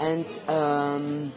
And um,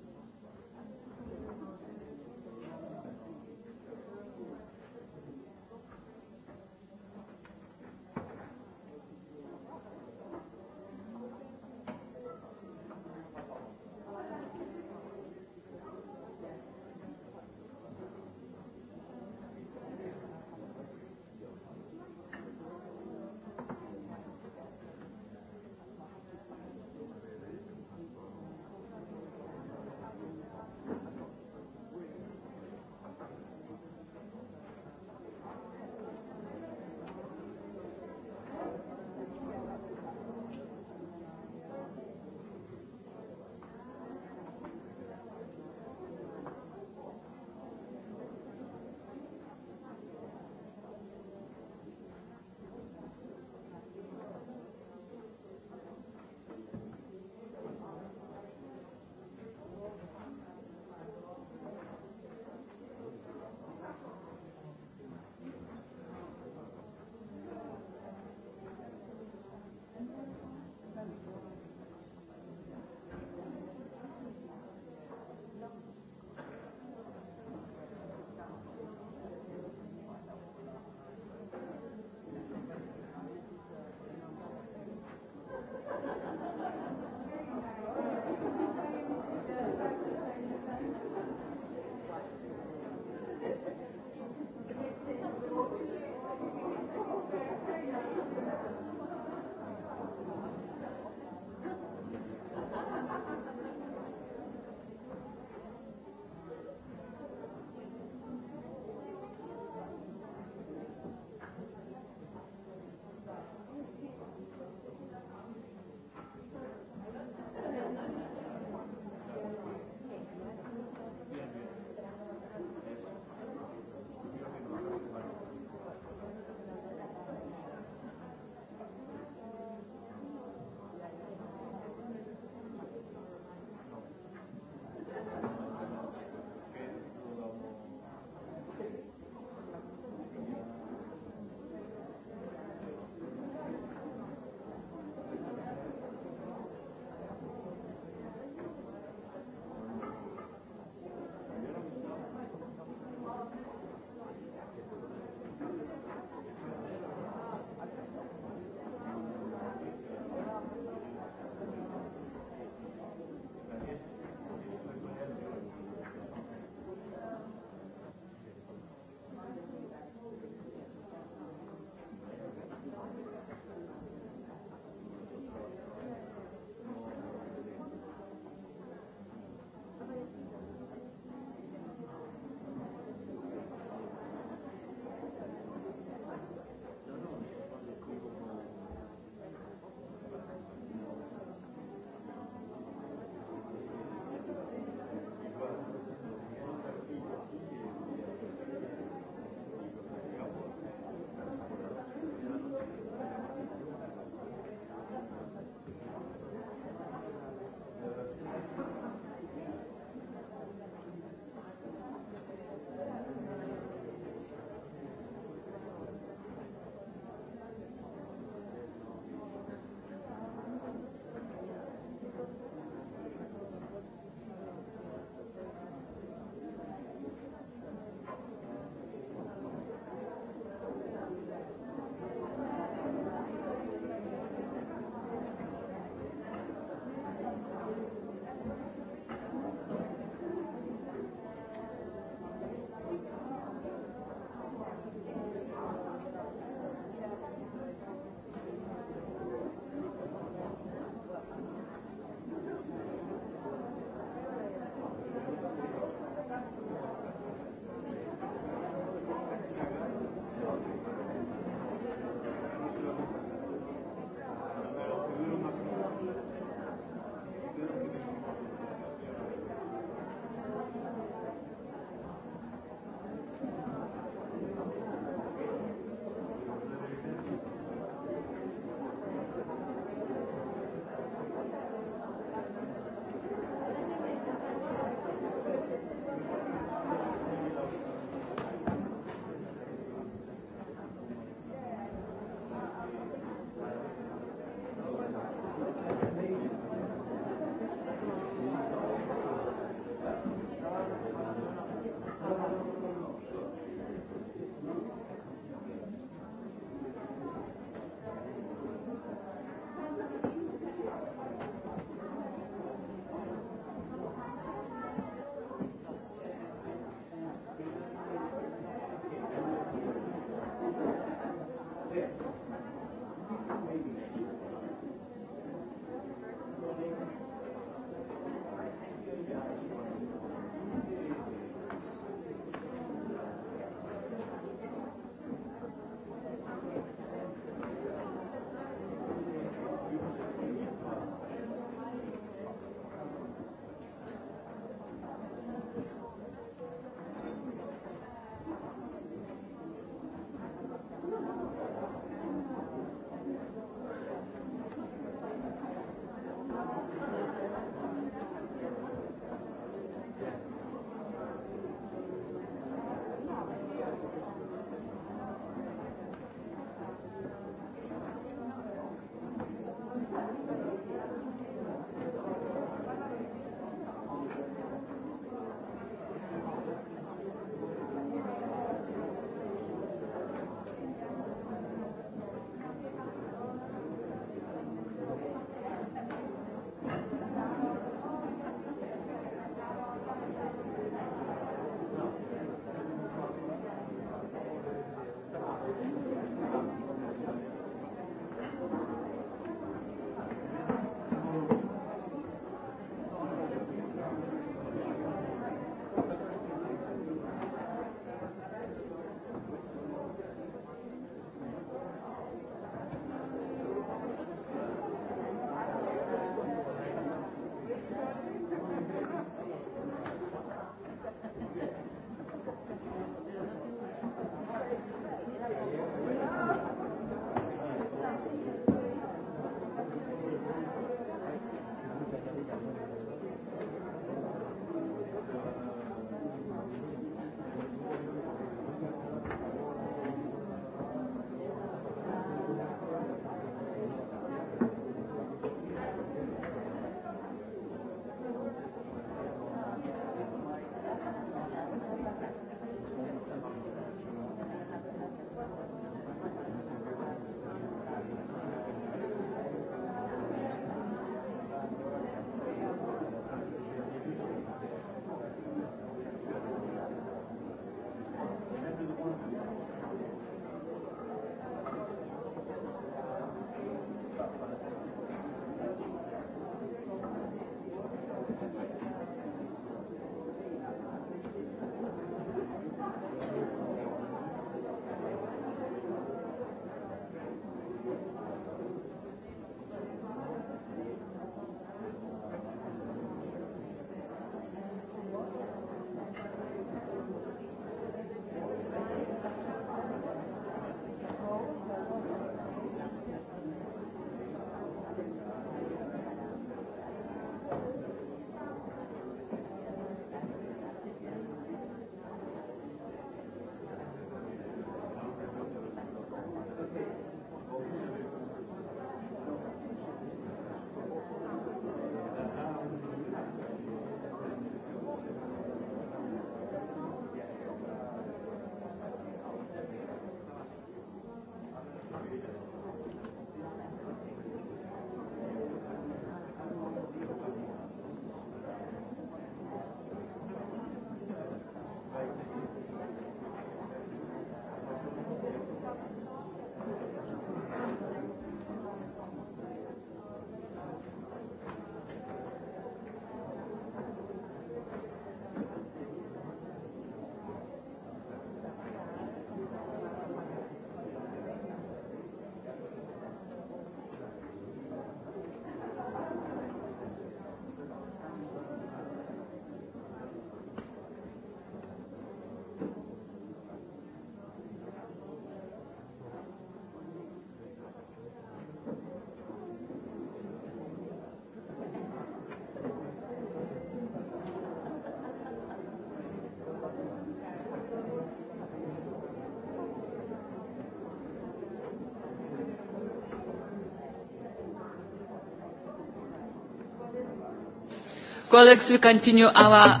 colleagues, we continue our...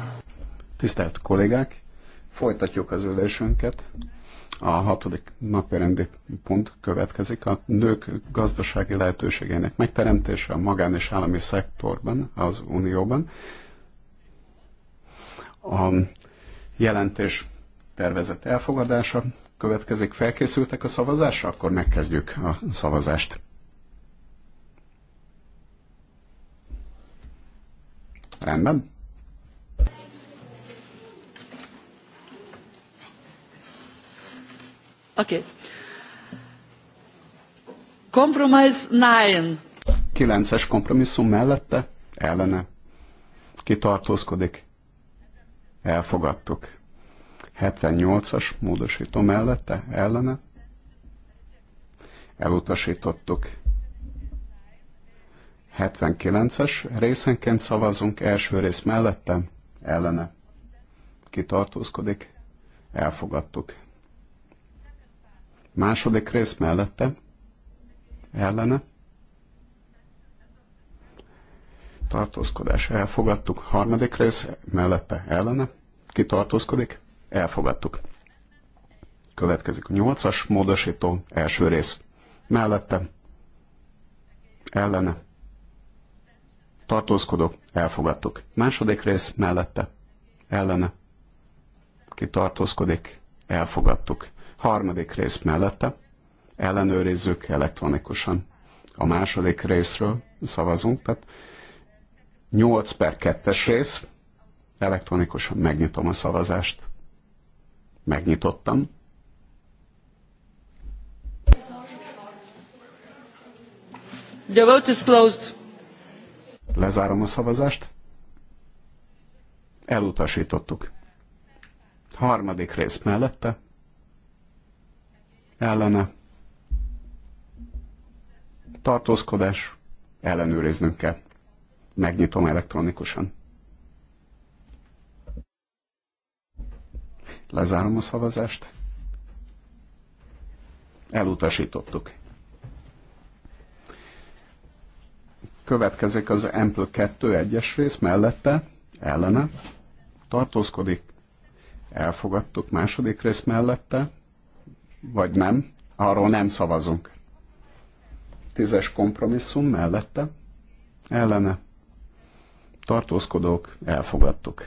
Tisztelt kollégák, folytatjuk az ülésünket. A hatodik napirendi pont következik. A nők gazdasági lehetőségeinek megteremtése a magán és állami szektorban, az Unióban. A jelentés tervezett elfogadása következik. Felkészültek a szavazásra? Akkor megkezdjük a szavazást. Rendben. Oké. Okay. Compromise 9. Kilences kompromisszum mellette, ellene. Ki tartózkodik? Elfogadtuk. 78-as módosító mellette, ellene. Elutasítottuk. 79-es részenként szavazunk, első rész mellettem, ellene. Kitartózkodik, elfogadtuk. Második rész mellettem, ellene. Tartózkodás, elfogadtuk. Harmadik rész mellette, ellene. Kitartózkodik, elfogadtuk. Következik a nyolcas módosító, első rész. Mellette, ellene tartózkodok, elfogadtuk. Második rész mellette, ellene, ki tartózkodik, elfogadtuk. Harmadik rész mellette, ellenőrizzük elektronikusan. A második részről szavazunk, tehát 8 per 2-es rész, elektronikusan megnyitom a szavazást. Megnyitottam. The vote is closed. Lezárom a szavazást. Elutasítottuk. Harmadik rész mellette. Ellene. Tartózkodás. Ellenőriznünk kell. Megnyitom elektronikusan. Lezárom a szavazást. Elutasítottuk. Következik az Ample 2 egyes rész mellette, ellene, tartózkodik, elfogadtuk második rész mellette, vagy nem, arról nem szavazunk. Tízes kompromisszum mellette, ellene, tartózkodók, elfogadtuk.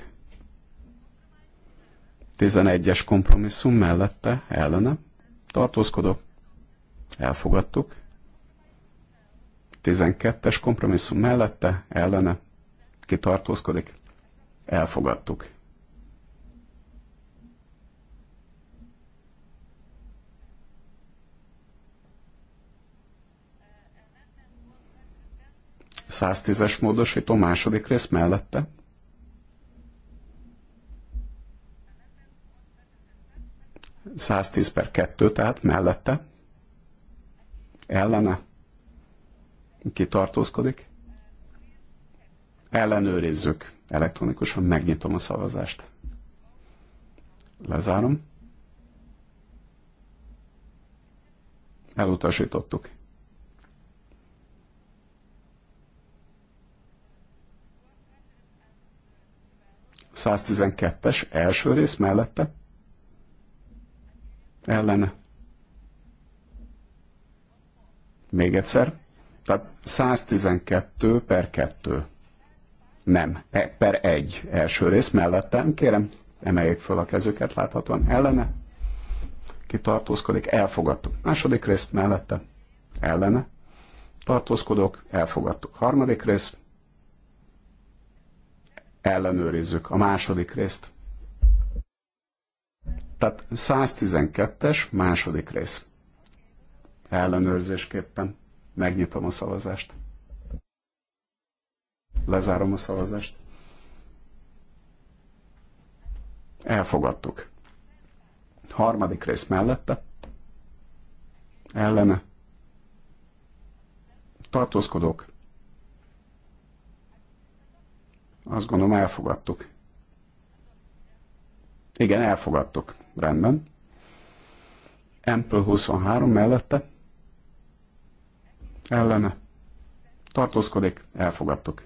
tizenegyes kompromisszum mellette, ellene, tartózkodók, elfogadtuk. 12-es kompromisszum mellette, ellene kitartózkodik. Elfogadtuk. Száztízes módosító második rész mellette. Száztíz per kettő, tehát mellette. Ellene kitartózkodik. tartózkodik? Ellenőrizzük. Elektronikusan megnyitom a szavazást. Lezárom. Elutasítottuk. 112-es első rész mellette. Ellene. Még egyszer. Tehát 112 per 2. Nem, e, per 1 első rész mellettem. Kérem, emeljék fel a kezüket láthatóan ellene. Ki tartózkodik, elfogadtuk. Második rész mellette, ellene. Tartózkodok, elfogadtuk. Harmadik rész, ellenőrizzük a második részt. Tehát 112-es második rész. Ellenőrzésképpen. Megnyitom a szavazást. Lezárom a szavazást. Elfogadtuk. Harmadik rész mellette. Ellene. Tartózkodók. Azt gondolom elfogadtuk. Igen, elfogadtuk. Rendben. Ample 23 mellette ellene tartózkodik, elfogadtuk.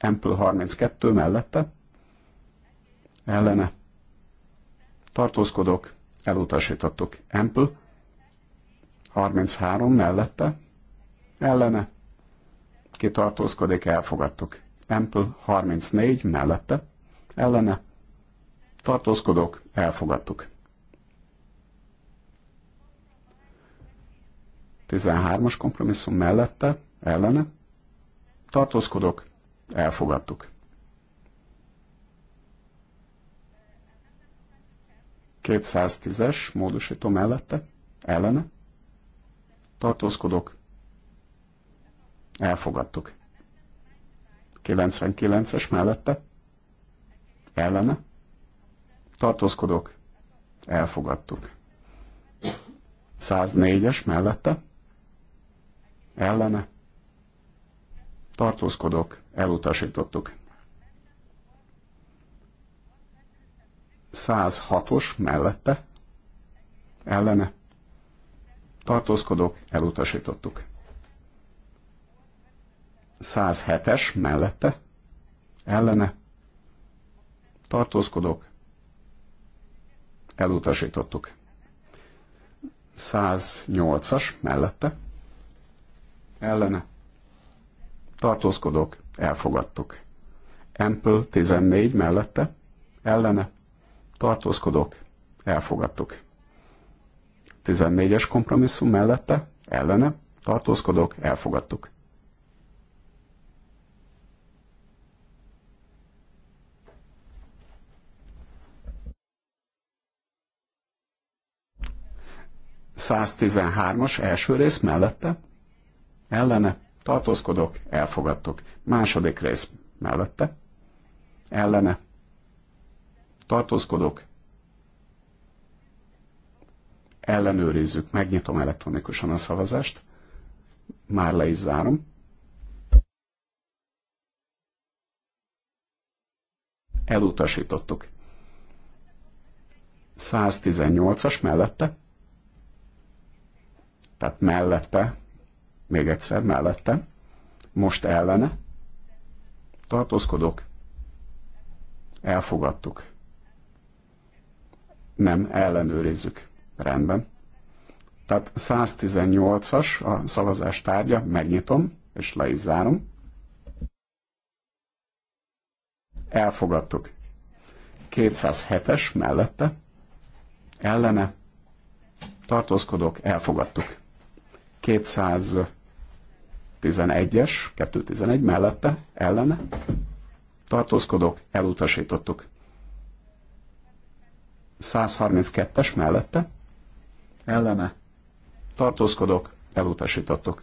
Ample 32 mellette ellene tartózkodok, elutasítottuk. Ample 33 mellette ellene tartózkodik, elfogadtuk. Ample 34 mellette ellene tartózkodok, elfogadtuk. 13-as kompromisszum mellette, ellene, tartózkodok, elfogadtuk. Kétszáztízes módosító mellette, ellene, tartózkodok, elfogadtuk. 99-es mellette, ellene, tartózkodok, elfogadtuk. 104-es mellette, ellene tartózkodok, elutasítottuk. 106-os mellette ellene tartózkodok, elutasítottuk. 107-es mellette ellene tartózkodok, elutasítottuk. 108-as mellette ellene Tartózkodok, elfogadtuk. Ample 14 mellette, ellene Tartózkodok, elfogadtuk. 14-es kompromisszum mellette, ellene Tartózkodok, elfogadtuk. tizenhármas első rész mellette, ellene, tartózkodok, elfogadtok. Második rész mellette, ellene, tartózkodok, ellenőrizzük, megnyitom elektronikusan a szavazást, már le is zárom. Elutasítottuk. 118-as mellette, tehát mellette még egyszer mellette. Most ellene. Tartózkodok. Elfogadtuk. Nem, ellenőrizzük. Rendben. Tehát 118-as a szavazás tárgya, megnyitom, és le is zárom. Elfogadtuk. 207-es mellette, ellene, tartózkodok, elfogadtuk. 200 11-es, 211 mellette, ellene, tartózkodok, elutasítottuk. 132-es mellette, ellene, tartózkodok, elutasítottuk.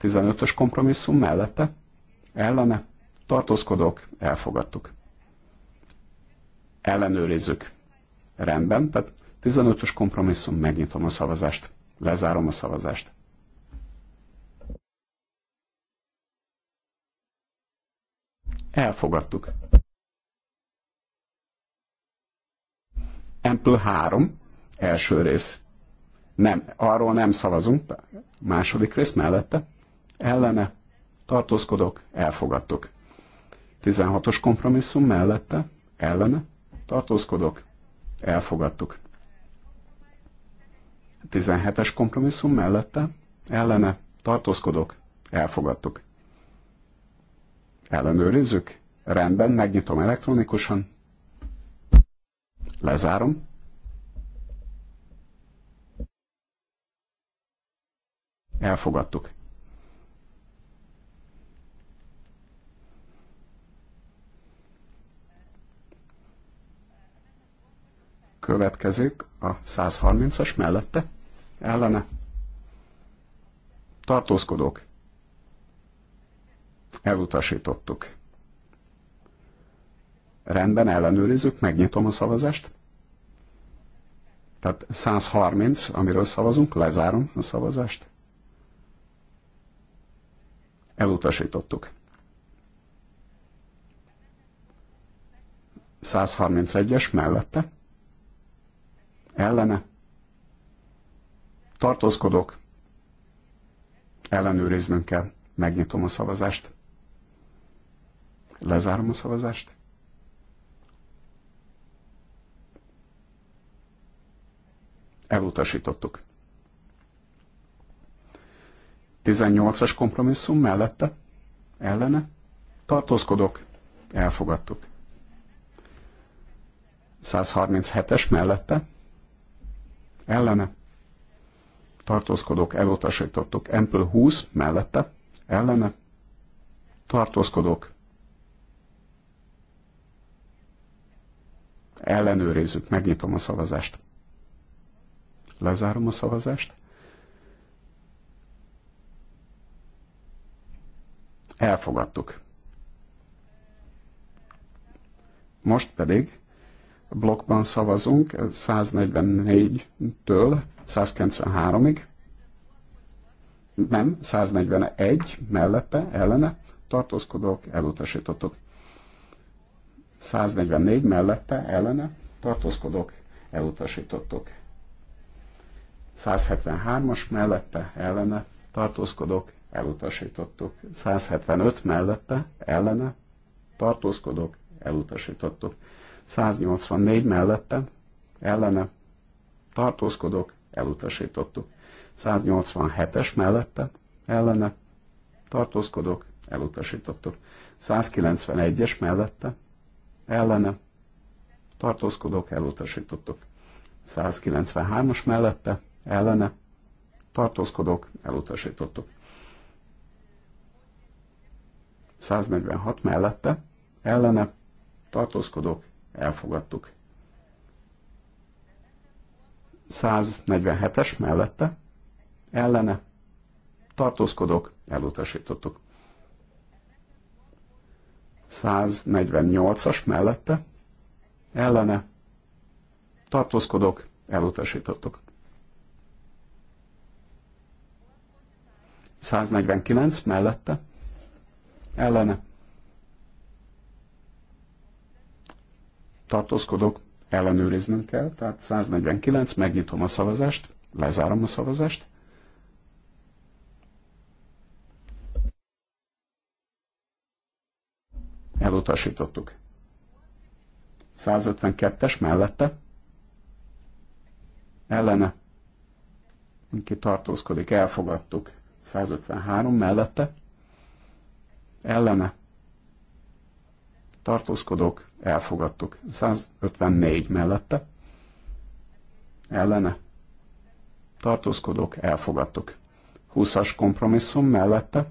15-ös kompromisszum mellette, ellene, tartózkodok, elfogadtuk. Ellenőrizzük. Rendben, tehát 15-ös kompromisszum, megnyitom a szavazást, lezárom a szavazást. Elfogadtuk. Ample 3, első rész. Nem, arról nem szavazunk. Második rész mellette. Ellene, tartózkodok, elfogadtuk. 16-os kompromisszum mellette, ellene, tartózkodok, elfogadtuk. 17-es kompromisszum mellette, ellene, tartózkodok, elfogadtuk. Ellenőrizzük? Rendben, megnyitom elektronikusan. Lezárom. Elfogadtuk. Következik a 130-as mellette. Ellene. Tartózkodók. Elutasítottuk. Rendben, ellenőrizzük, megnyitom a szavazást. Tehát 130, amiről szavazunk, lezárom a szavazást. Elutasítottuk. 131-es mellette. Ellene. Tartózkodok. Ellenőriznünk kell. Megnyitom a szavazást. Lezárom a szavazást. Elutasítottuk. 18-as kompromisszum mellette, ellene, tartózkodok, elfogadtuk. 137-es mellette, ellene, tartózkodok, elutasítottuk, Ample 20 mellette, ellene, tartózkodok, Ellenőrizzük, megnyitom a szavazást. Lezárom a szavazást. Elfogadtuk. Most pedig blokkban szavazunk 144-től 193-ig. Nem, 141 mellette, ellene tartózkodók elutasítottuk. 144 mellette ellene tartózkodok, elutasítottok. 173-as mellette ellene tartózkodok, elutasítottok. 175 mellette ellene tartózkodok, elutasítottok. 184 mellette ellene tartózkodok, elutasítottuk. 187-es mellette ellene tartózkodok, elutasítottuk. 191-es mellette ellene tartózkodók elutasítottuk. 193-as mellette ellene tartózkodók elutasítottuk. 146 mellette ellene tartózkodók elfogadtuk. 147-es mellette ellene tartózkodók elutasítottuk. 148-as mellette, ellene, tartózkodok, elutasítottok. 149 mellette, ellene, tartózkodok, ellenőriznünk kell, tehát 149, megnyitom a szavazást, lezárom a szavazást, elutasítottuk. 152-es mellette ellene ki tartózkodik, elfogadtuk. 153 mellette ellene tartózkodók, elfogadtuk. 154 mellette ellene tartózkodók, elfogadtuk. 20-as kompromisszum mellette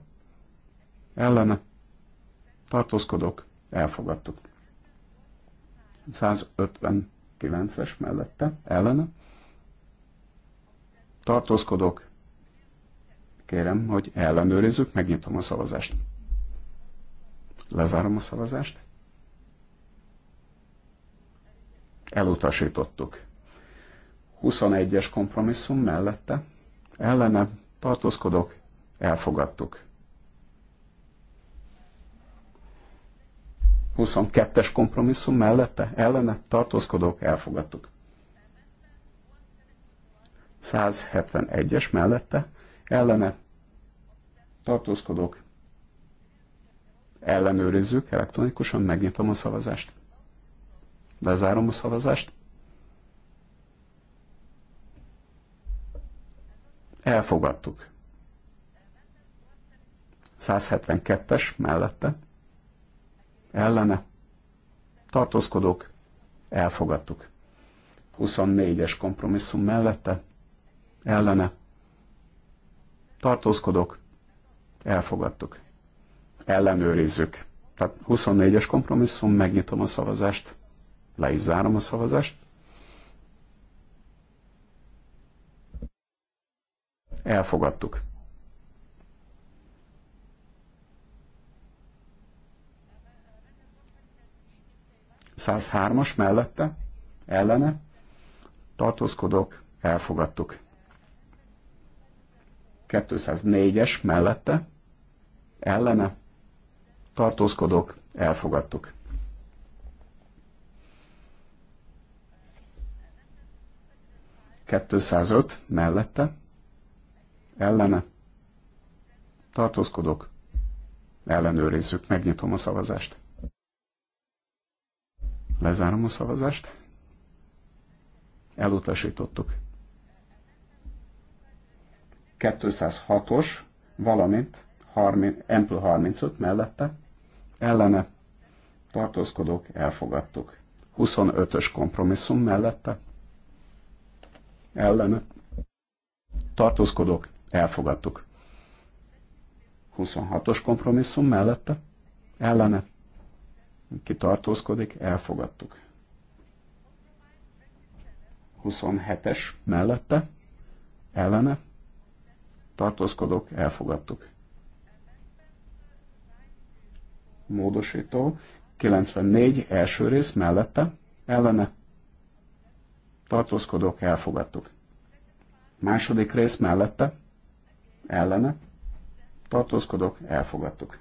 ellene tartózkodok, elfogadtuk. 159-es mellette, ellene, Tartózkodok, kérem, hogy ellenőrizzük, megnyitom a szavazást. Lezárom a szavazást. Elutasítottuk. 21-es kompromisszum mellette, ellene tartózkodok, elfogadtuk. 22-es kompromisszum mellette ellene tartózkodók elfogadtuk. 171-es mellette ellene tartózkodók ellenőrizzük elektronikusan, megnyitom a szavazást. Lezárom a szavazást. Elfogadtuk. 172-es mellette ellene tartózkodók, elfogadtuk. 24-es kompromisszum mellette, ellene tartózkodók, elfogadtuk. Ellenőrizzük. Tehát 24-es kompromisszum, megnyitom a szavazást, le is zárom a szavazást. Elfogadtuk. 103-as mellette, ellene, tartózkodok, elfogadtuk. 204-es mellette, ellene, tartózkodok, elfogadtuk. 205 mellette, ellene, tartózkodok, ellenőrizzük, megnyitom a szavazást. Lezárom a szavazást. Elutasítottuk. 206-os, valamint 30, Ample 35 mellette, ellene tartózkodók elfogadtuk. 25-ös kompromisszum mellette, ellene tartózkodók elfogadtuk. 26-os kompromisszum mellette, ellene tartózkodik, elfogadtuk. 27-es mellette, ellene, tartózkodok, elfogadtuk. Módosító, 94 első rész mellette, ellene, tartózkodok, elfogadtuk. Második rész mellette, ellene, tartózkodok, elfogadtuk.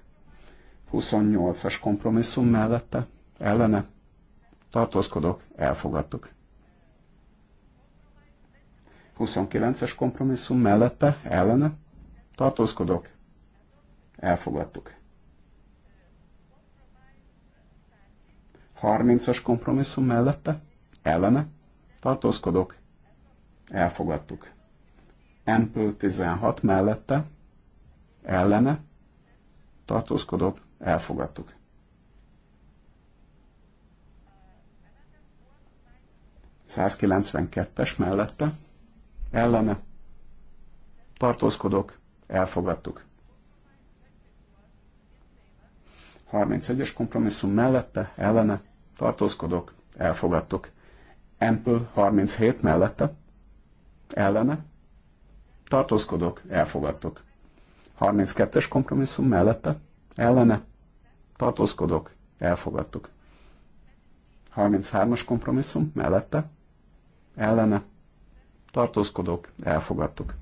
28-as kompromisszum mellette, ellene, tartózkodok, elfogadtuk. 29-es kompromisszum mellette, ellene, tartózkodok, elfogadtuk. 30-as kompromisszum mellette, ellene, tartózkodok, elfogadtuk. Ample 16 mellette, ellene, tartózkodok, Elfogadtuk. es mellette, ellene, tartózkodok, elfogadtuk. 31-es kompromisszum mellette, ellene, tartózkodok, elfogadtuk. Ample 37 mellette, ellene, tartózkodok, elfogadtuk. 32-es kompromisszum mellette, ellene, tartózkodok, elfogadtuk. 33-as kompromisszum mellette, ellene, tartózkodok, elfogadtuk.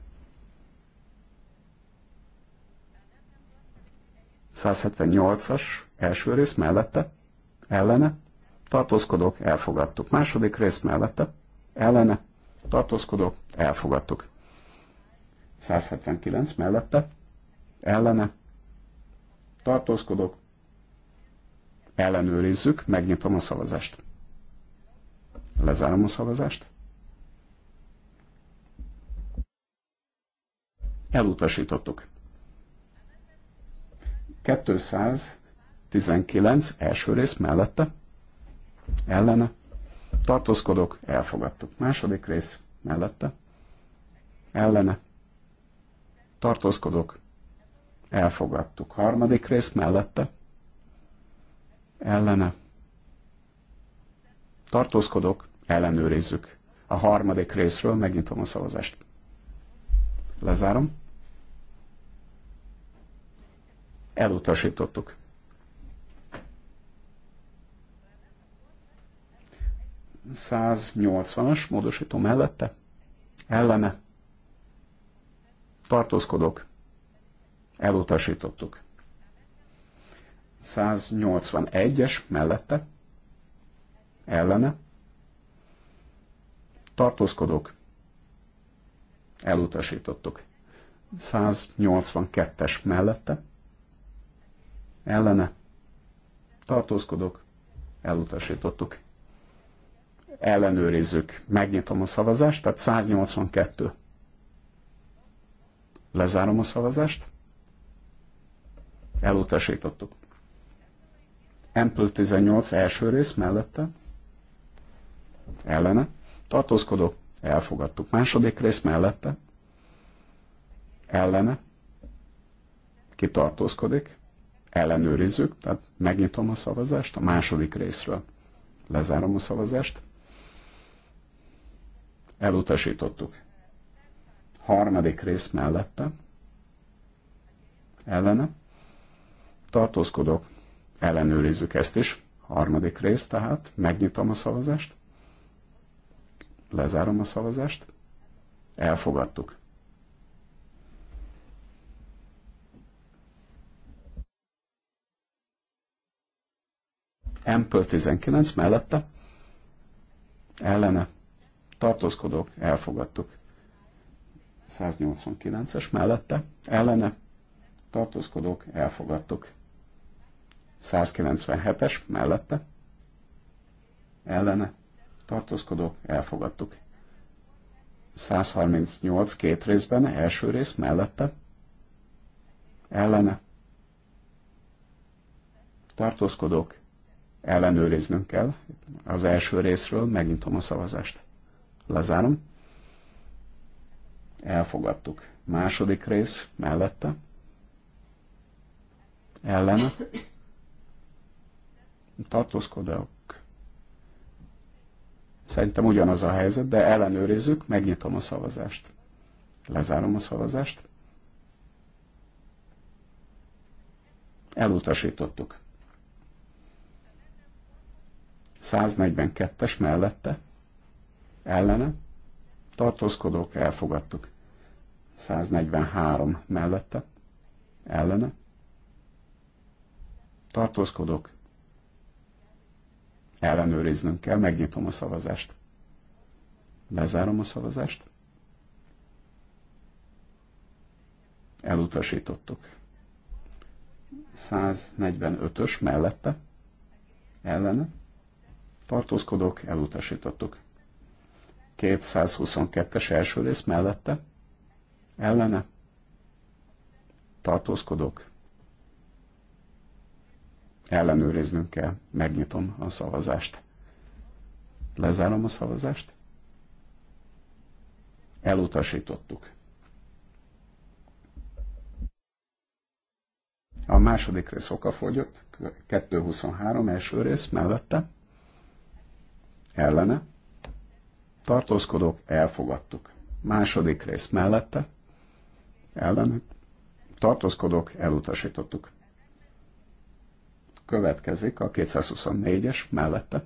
178-as első rész mellette, ellene, tartózkodok, elfogadtuk. Második rész mellette, ellene, tartózkodok, elfogadtuk. 179 mellette, ellene, tartózkodok, Ellenőrizzük, megnyitom a szavazást. Lezárom a szavazást. Elutasítottuk. 219 első rész mellette, ellene, tartózkodok, elfogadtuk. Második rész mellette, ellene, tartózkodok, elfogadtuk. Harmadik rész mellette, ellene tartózkodok, ellenőrizzük. A harmadik részről megnyitom a szavazást. Lezárom. Elutasítottuk. as módosító mellette, ellene, tartózkodok, elutasítottuk. 181-es mellette, ellene, tartózkodók, elutasítottuk. 182-es mellette, ellene, tartózkodók, elutasítottuk. Ellenőrizzük, megnyitom a szavazást, tehát 182. Lezárom a szavazást, elutasítottuk. Ample 18 első rész mellette, ellene, tartózkodók, elfogadtuk. Második rész mellette, ellene, kitartózkodik, ellenőrizzük, tehát megnyitom a szavazást a második részről. Lezárom a szavazást. Elutasítottuk. Harmadik rész mellette, ellene, tartózkodok, ellenőrizzük ezt is. Harmadik rész tehát, megnyitom a szavazást, lezárom a szavazást, elfogadtuk. Ample 19 mellette ellene tartózkodók, elfogadtuk. 189-es mellette ellene tartózkodók, elfogadtuk. 197-es mellette ellene tartózkodók elfogadtuk. 138 két részben, első rész mellette ellene tartózkodók ellenőriznünk kell. Az első részről megnyitom a szavazást. Lezárom. Elfogadtuk. Második rész mellette. Ellene tartózkodok. Szerintem ugyanaz a helyzet, de ellenőrizzük, megnyitom a szavazást. Lezárom a szavazást. Elutasítottuk. 142-es mellette, ellene, tartózkodók, elfogadtuk. 143 mellette, ellene, tartózkodók, ellenőriznünk kell, megnyitom a szavazást. Lezárom a szavazást. Elutasítottuk. 145-ös mellette, ellene, tartózkodók, elutasítottuk. 222-es első rész mellette, ellene, tartózkodók, ellenőriznünk kell. Megnyitom a szavazást. Lezárom a szavazást. Elutasítottuk. A második rész okafogyott, 223 első rész mellette, ellene, tartózkodók, elfogadtuk. Második rész mellette, ellene, tartózkodók, elutasítottuk. Következik a 224-es mellette.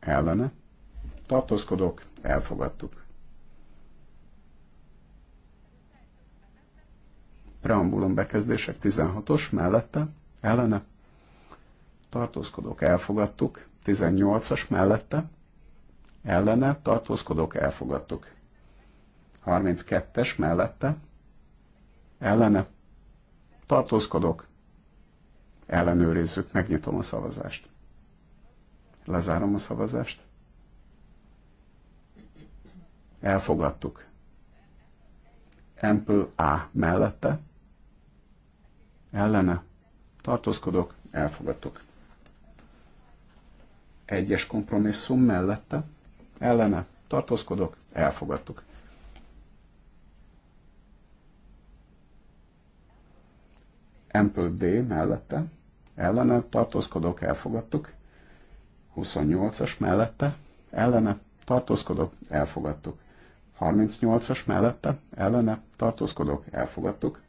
Ellene. Tartózkodok, elfogadtuk. Preambulum bekezdések 16-os mellette. Ellene. Tartózkodok, elfogadtuk. 18-as mellette. Ellene. Tartózkodok, elfogadtuk. 32-es mellette. Ellene. Tartózkodok, Ellenőrizzük, megnyitom a szavazást. Lezárom a szavazást. Elfogadtuk. Ample A mellette. Ellene. Tartózkodok. Elfogadtuk. Egyes kompromisszum mellette. Ellene. Tartózkodok. Elfogadtuk. Ample D mellette, ellene tartózkodok, elfogadtuk, 28-as mellette, ellene tartózkodok, elfogadtuk, 38-as mellette, ellene tartózkodok, elfogadtuk,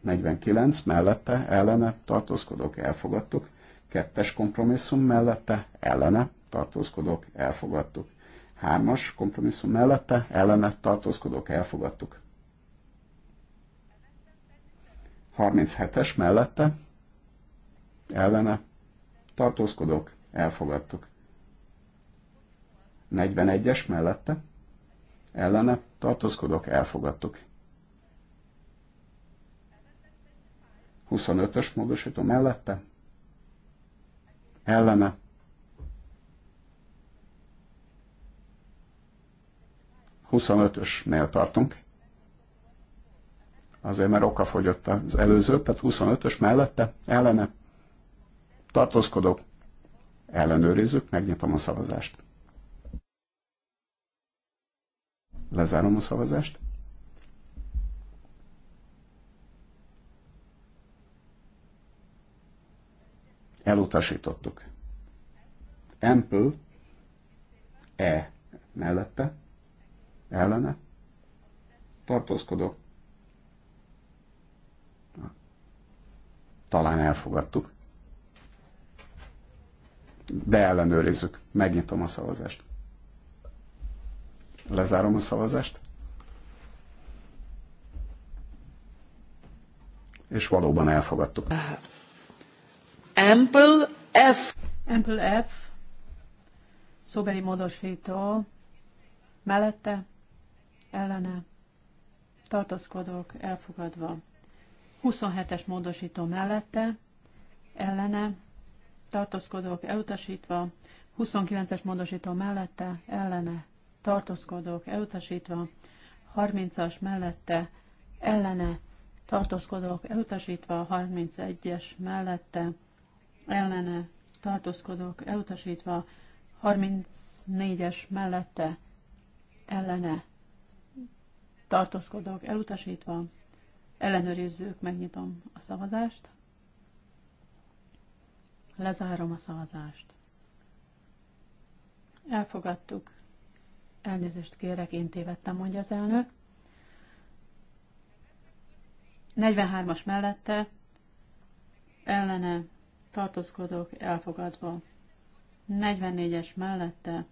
49 mellette, ellene tartózkodok, elfogadtuk, kettes kompromisszum mellette, ellene tartózkodok, elfogadtuk, hármas kompromisszum mellette, ellene tartózkodok, elfogadtuk. 37-es mellette ellene tartózkodók elfogadtuk. 41-es mellette ellene tartózkodók elfogadtuk. 25-ös módosító mellette ellene Huszonötösnél tartunk azért mert fogyott az előző, tehát 25-ös mellette, ellene tartózkodok, ellenőrizzük, megnyitom a szavazást. Lezárom a szavazást. Elutasítottuk. Ample E mellette, ellene, tartózkodok, Talán elfogadtuk. De ellenőrizzük. Megnyitom a szavazást. Lezárom a szavazást. És valóban elfogadtuk. Ample F. Ample F. Szóbeli módosító. Mellette. Ellene. tartozkodok Elfogadva. 27-es módosító mellette, ellene, tartózkodók elutasítva, 29-es módosító mellette, ellene, tartózkodók elutasítva, 30-as mellette, ellene, tartózkodók elutasítva, 31-es mellette, ellene, tartózkodók elutasítva, 34-es mellette, ellene, tartózkodók elutasítva, Ellenőrizzük, megnyitom a szavazást. Lezárom a szavazást. Elfogadtuk. Elnézést kérek, én tévedtem, mondja az elnök. 43-as mellette ellene tartózkodok elfogadva. 44-es mellette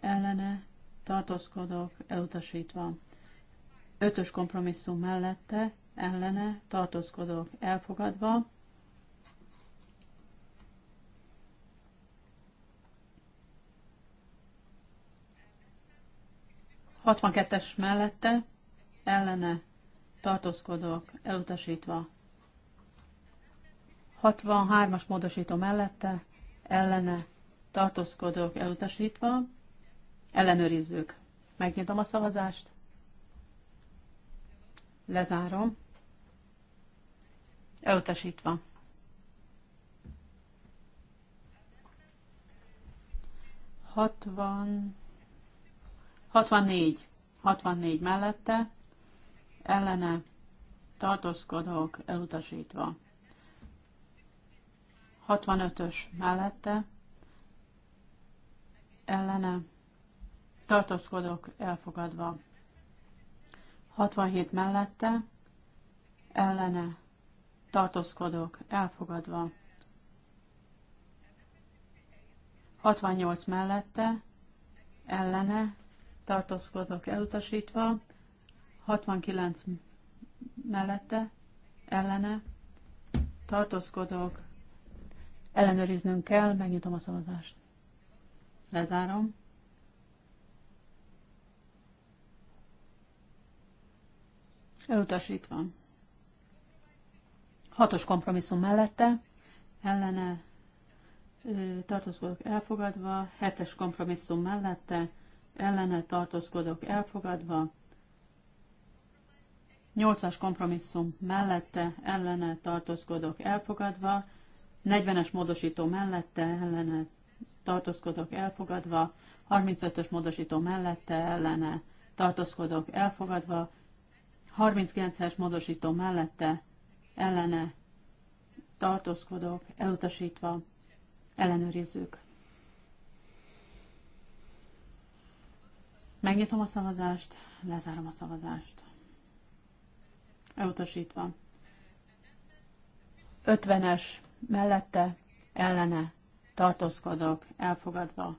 ellene tartózkodok elutasítva. 5-ös kompromisszum mellette ellene tartózkodok elfogadva, Hatvan kettes mellette ellene tartózkodok elutasítva, 63-as módosító mellette ellene tartózkodok elutasítva, ellenőrizzük. Megnyitom a szavazást, lezárom. Elutasítva. Hatvan... 64. 64 mellette. Ellene tartózkodók elutasítva. 65-ös mellette. Ellene tartózkodók elfogadva. 67 mellette. Ellene tartózkodok, elfogadva. 68 mellette, ellene, tartózkodok, elutasítva, 69 mellette, ellene, tartózkodok, ellenőriznünk kell, megnyitom a szavazást. Lezárom. Elutasítva. Hatos kompromisszum mellette, ellene tartózkodok elfogadva, hetes kompromisszum mellette, ellene tartózkodok elfogadva, nyolcas kompromisszum mellette, ellene tartózkodok elfogadva, 40-es módosító mellette, ellene tartózkodok elfogadva, 35-ös módosító mellette, ellene tartózkodok elfogadva, 39-es módosító mellette, ellene tartózkodok, elutasítva, ellenőrizzük. Megnyitom a szavazást, lezárom a szavazást. Elutasítva. 50-es mellette, ellene, tartózkodok, elfogadva.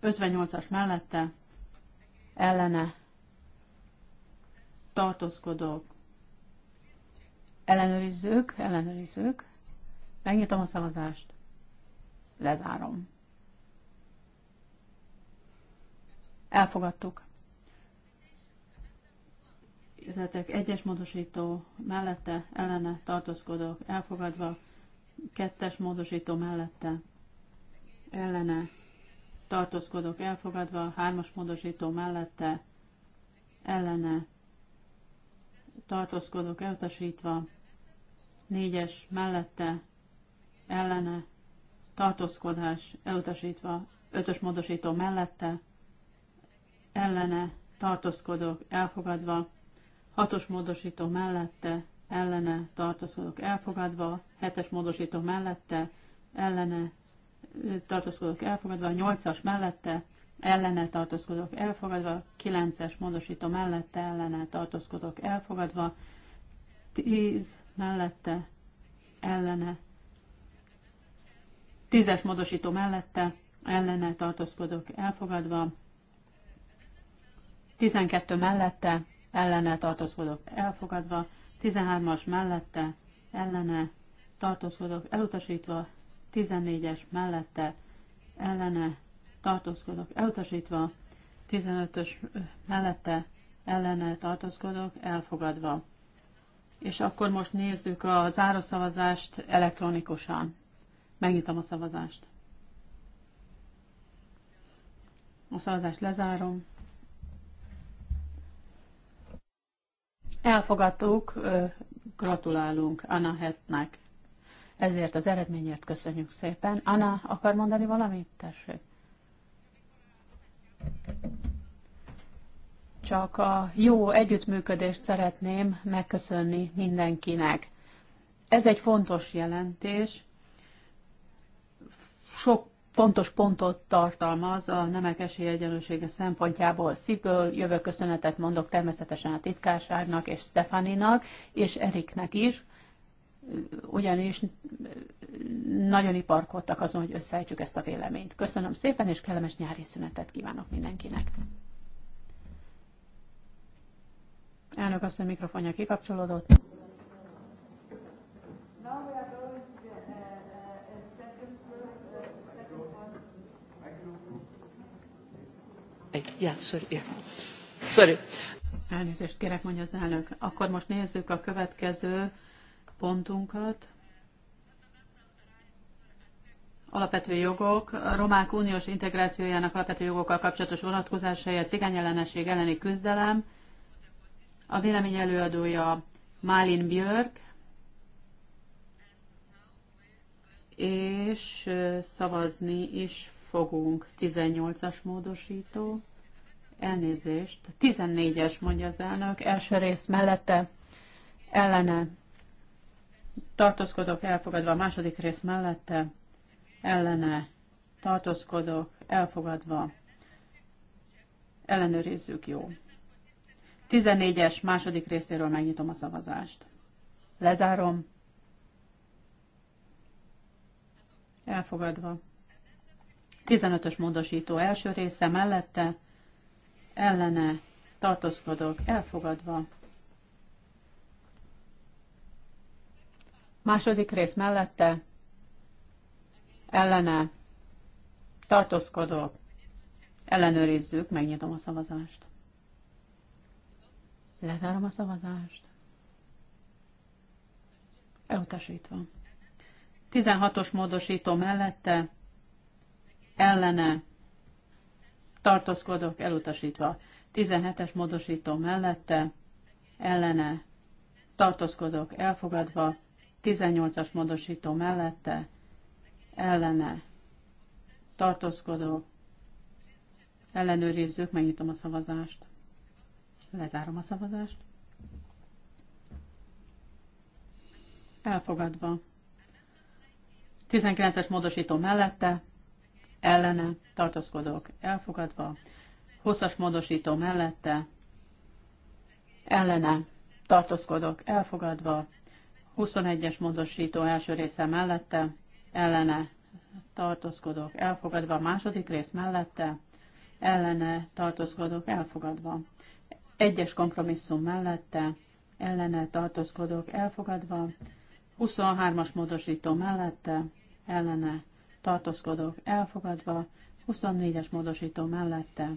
Ötvennyolcas mellette, ellene tartózkodók, ellenőrizzük, ellenőrizzük, megnyitom a szavazást, lezárom. Elfogadtuk. ezek egyes módosító mellette, ellene tartózkodók, elfogadva, kettes módosító mellette, ellene tartózkodok elfogadva, hármas módosító mellette ellene tartózkodok elutasítva, négyes mellette ellene tartózkodás elutasítva, ötös módosító mellette ellene tartózkodok elfogadva, hatos módosító mellette ellene tartózkodok elfogadva, hetes módosító mellette ellene tartózkodok elfogadva, 8-as mellette ellene tartózkodok elfogadva, 9-es módosító mellette ellene tartózkodok elfogadva, 10 mellette ellene, 10-es módosító mellette ellene tartózkodok elfogadva, 12 mellette ellene tartózkodok elfogadva, 13-as mellette ellene tartózkodok elutasítva, 14-es mellette ellene tartózkodok elutasítva, 15-ös mellette ellene tartózkodok elfogadva. És akkor most nézzük a zárószavazást elektronikusan. Megnyitom a szavazást. A szavazást lezárom. Elfogadtuk, gratulálunk Anna Hetnek ezért az eredményért köszönjük szépen. Anna, akar mondani valamit? Tessék. Csak a jó együttműködést szeretném megköszönni mindenkinek. Ez egy fontos jelentés. Sok fontos pontot tartalmaz a nemek esélyegyenlősége szempontjából. Szívből jövő köszönetet mondok természetesen a titkárságnak és Stefaninak és Eriknek is, ugyanis nagyon iparkodtak azon, hogy összeállítsuk ezt a véleményt. Köszönöm szépen, és kellemes nyári szünetet kívánok mindenkinek. Elnök asszony mikrofonja kikapcsolódott. Yeah, sorry, yeah. Sorry. Elnézést kérek, mondja az elnök. Akkor most nézzük a következő pontunkat. Alapvető jogok, a romák uniós integrációjának alapvető jogokkal kapcsolatos vonatkozásai, a cigányellenesség elleni küzdelem. A vélemény előadója Málin Björk, és szavazni is fogunk. 18-as módosító. Elnézést. 14-es, mondja az elnök. Első rész mellette. Ellene tartózkodok elfogadva, a második rész mellette ellene tartózkodok elfogadva, ellenőrizzük, jó. 14-es második részéről megnyitom a szavazást. Lezárom. Elfogadva. 15-ös módosító első része mellette ellene tartózkodok elfogadva. Második rész mellette ellene tartózkodok. Ellenőrizzük, megnyitom a szavazást. Lezárom a szavazást. Elutasítva. 16-os módosító mellette ellene tartózkodok, elutasítva. 17-es módosító mellette ellene tartózkodok, elfogadva. 18-as módosító mellette ellene tartózkodó ellenőrizzük, megnyitom a szavazást, lezárom a szavazást. Elfogadva. 19-es módosító mellette, ellene, tartózkodók elfogadva. 20-as módosító mellette, ellene, tartózkodók elfogadva. 21-es módosító első része mellette, ellene tartózkodok elfogadva, második rész mellette, ellene tartózkodok elfogadva. Egyes kompromisszum mellette, ellene tartózkodok elfogadva, 23-as módosító mellette, ellene tartózkodok elfogadva, 24-es módosító mellette,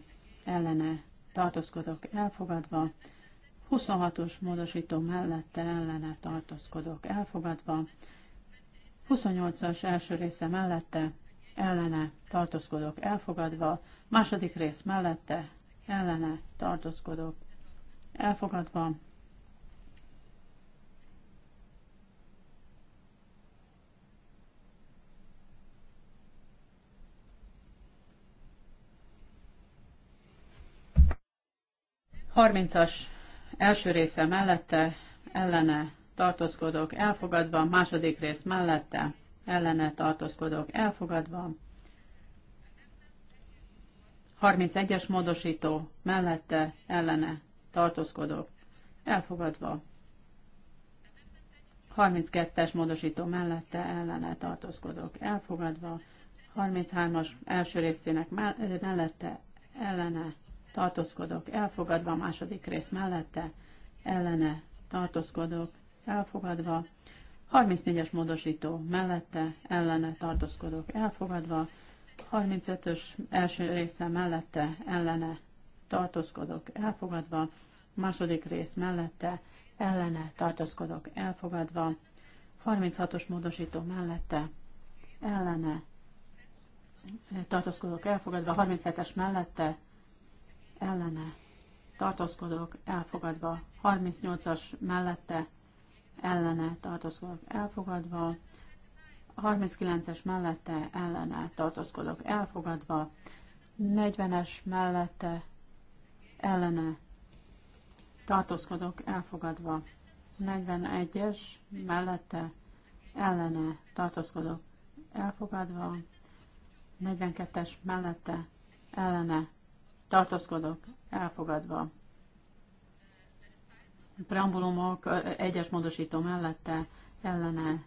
ellene tartózkodok elfogadva, 26-os módosító mellette ellene tartózkodok elfogadva, 28-as első része mellette ellene tartózkodok elfogadva, második rész mellette ellene tartózkodok elfogadva, Harmincas Első része mellette, ellene tartózkodok, elfogadva. Második rész mellette, ellene tartózkodok, elfogadva. 31-es módosító mellette, ellene tartózkodok, elfogadva. 32-es módosító mellette, ellene tartózkodok, elfogadva. 33-as első részének mellette, ellene tartózkodok, elfogadva, második rész mellette, ellene, tartózkodok, elfogadva, 34-es módosító mellette, ellene, tartózkodok, elfogadva, 35-ös első része mellette, ellene, tartózkodok, elfogadva, második rész mellette, ellene, tartózkodok, elfogadva, 36-os módosító mellette, ellene, tartózkodok elfogadva, 37-es mellette, ellene Tartózkodok, elfogadva, 38-as mellette ellene tartózkodok, elfogadva, 39-es mellette ellene tartózkodok, elfogadva, 40-es mellette ellene tartózkodok, elfogadva, 41-es mellette ellene tartózkodok, elfogadva, 42-es mellette ellene tartózkodok, elfogadva. Preambulumok egyes módosító mellette, ellene.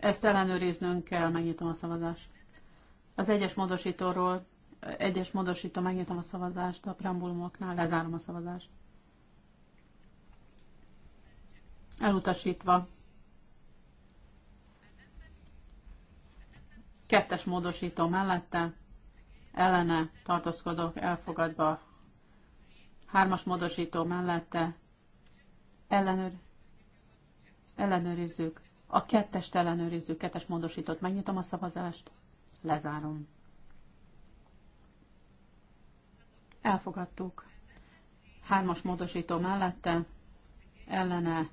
Ezt ellenőriznünk kell, megnyitom a szavazást. Az egyes módosítóról, egyes módosító, megnyitom a szavazást a preambulumoknál, lezárom a szavazást. Elutasítva. Kettes módosító mellette ellene tartózkodok elfogadva. Hármas módosító mellette ellenőr, ellenőrizzük. A kettest ellenőrizzük, kettes módosítót. Megnyitom a szavazást, lezárom. Elfogadtuk. Hármas módosító mellette ellene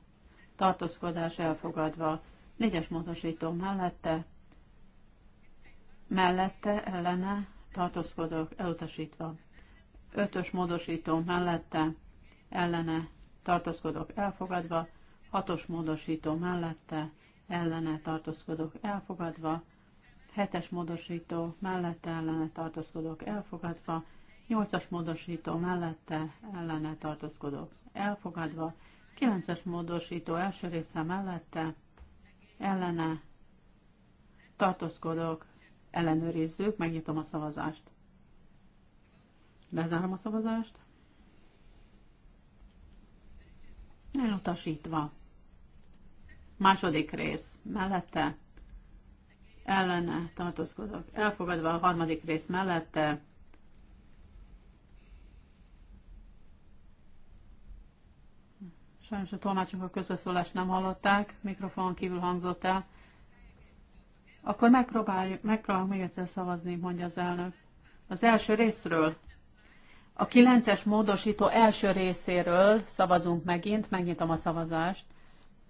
tartózkodás elfogadva. Négyes módosító mellette mellette ellene tartózkodok, elutasítva. Ötös módosító mellette ellene tartózkodok, elfogadva, hatos módosító mellette ellene tartózkodok, elfogadva, hetes módosító mellette ellene tartózkodok, elfogadva, nyolcas módosító mellette ellene tartózkodok, elfogadva, kilences módosító első része mellette ellene tartózkodok, ellenőrizzük, megnyitom a szavazást. Bezárom a szavazást. Elutasítva. Második rész. Mellette. Ellene tartózkodok. Elfogadva a harmadik rész mellette. Sajnos a tolmácsunk a közbeszólást nem hallották. Mikrofon kívül hangzott el. Akkor megpróbálj, megpróbálunk még egyszer szavazni, mondja az elnök. Az első részről. A kilences módosító első részéről szavazunk megint, megnyitom a szavazást,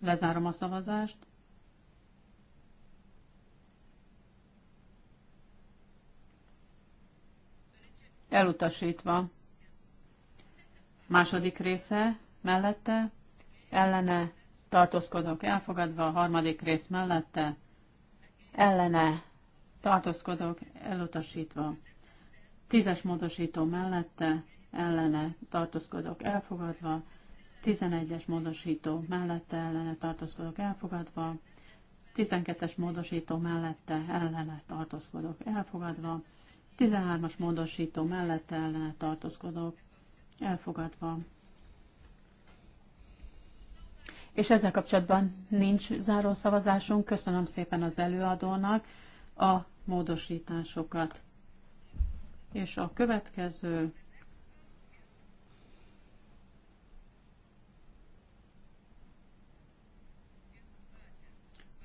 lezárom a szavazást. Elutasítva. Második része mellette, ellene tartózkodok elfogadva, a harmadik rész mellette, ellene tartózkodok elutasítva. Tízes módosító mellette ellene tartózkodok elfogadva. Tizenegyes módosító mellette ellene tartózkodok elfogadva. Tizenkettes módosító mellette ellene tartózkodok elfogadva. 13-as módosító mellette ellene tartózkodok, elfogadva és ezzel kapcsolatban nincs záró szavazásunk. Köszönöm szépen az előadónak a módosításokat. És a következő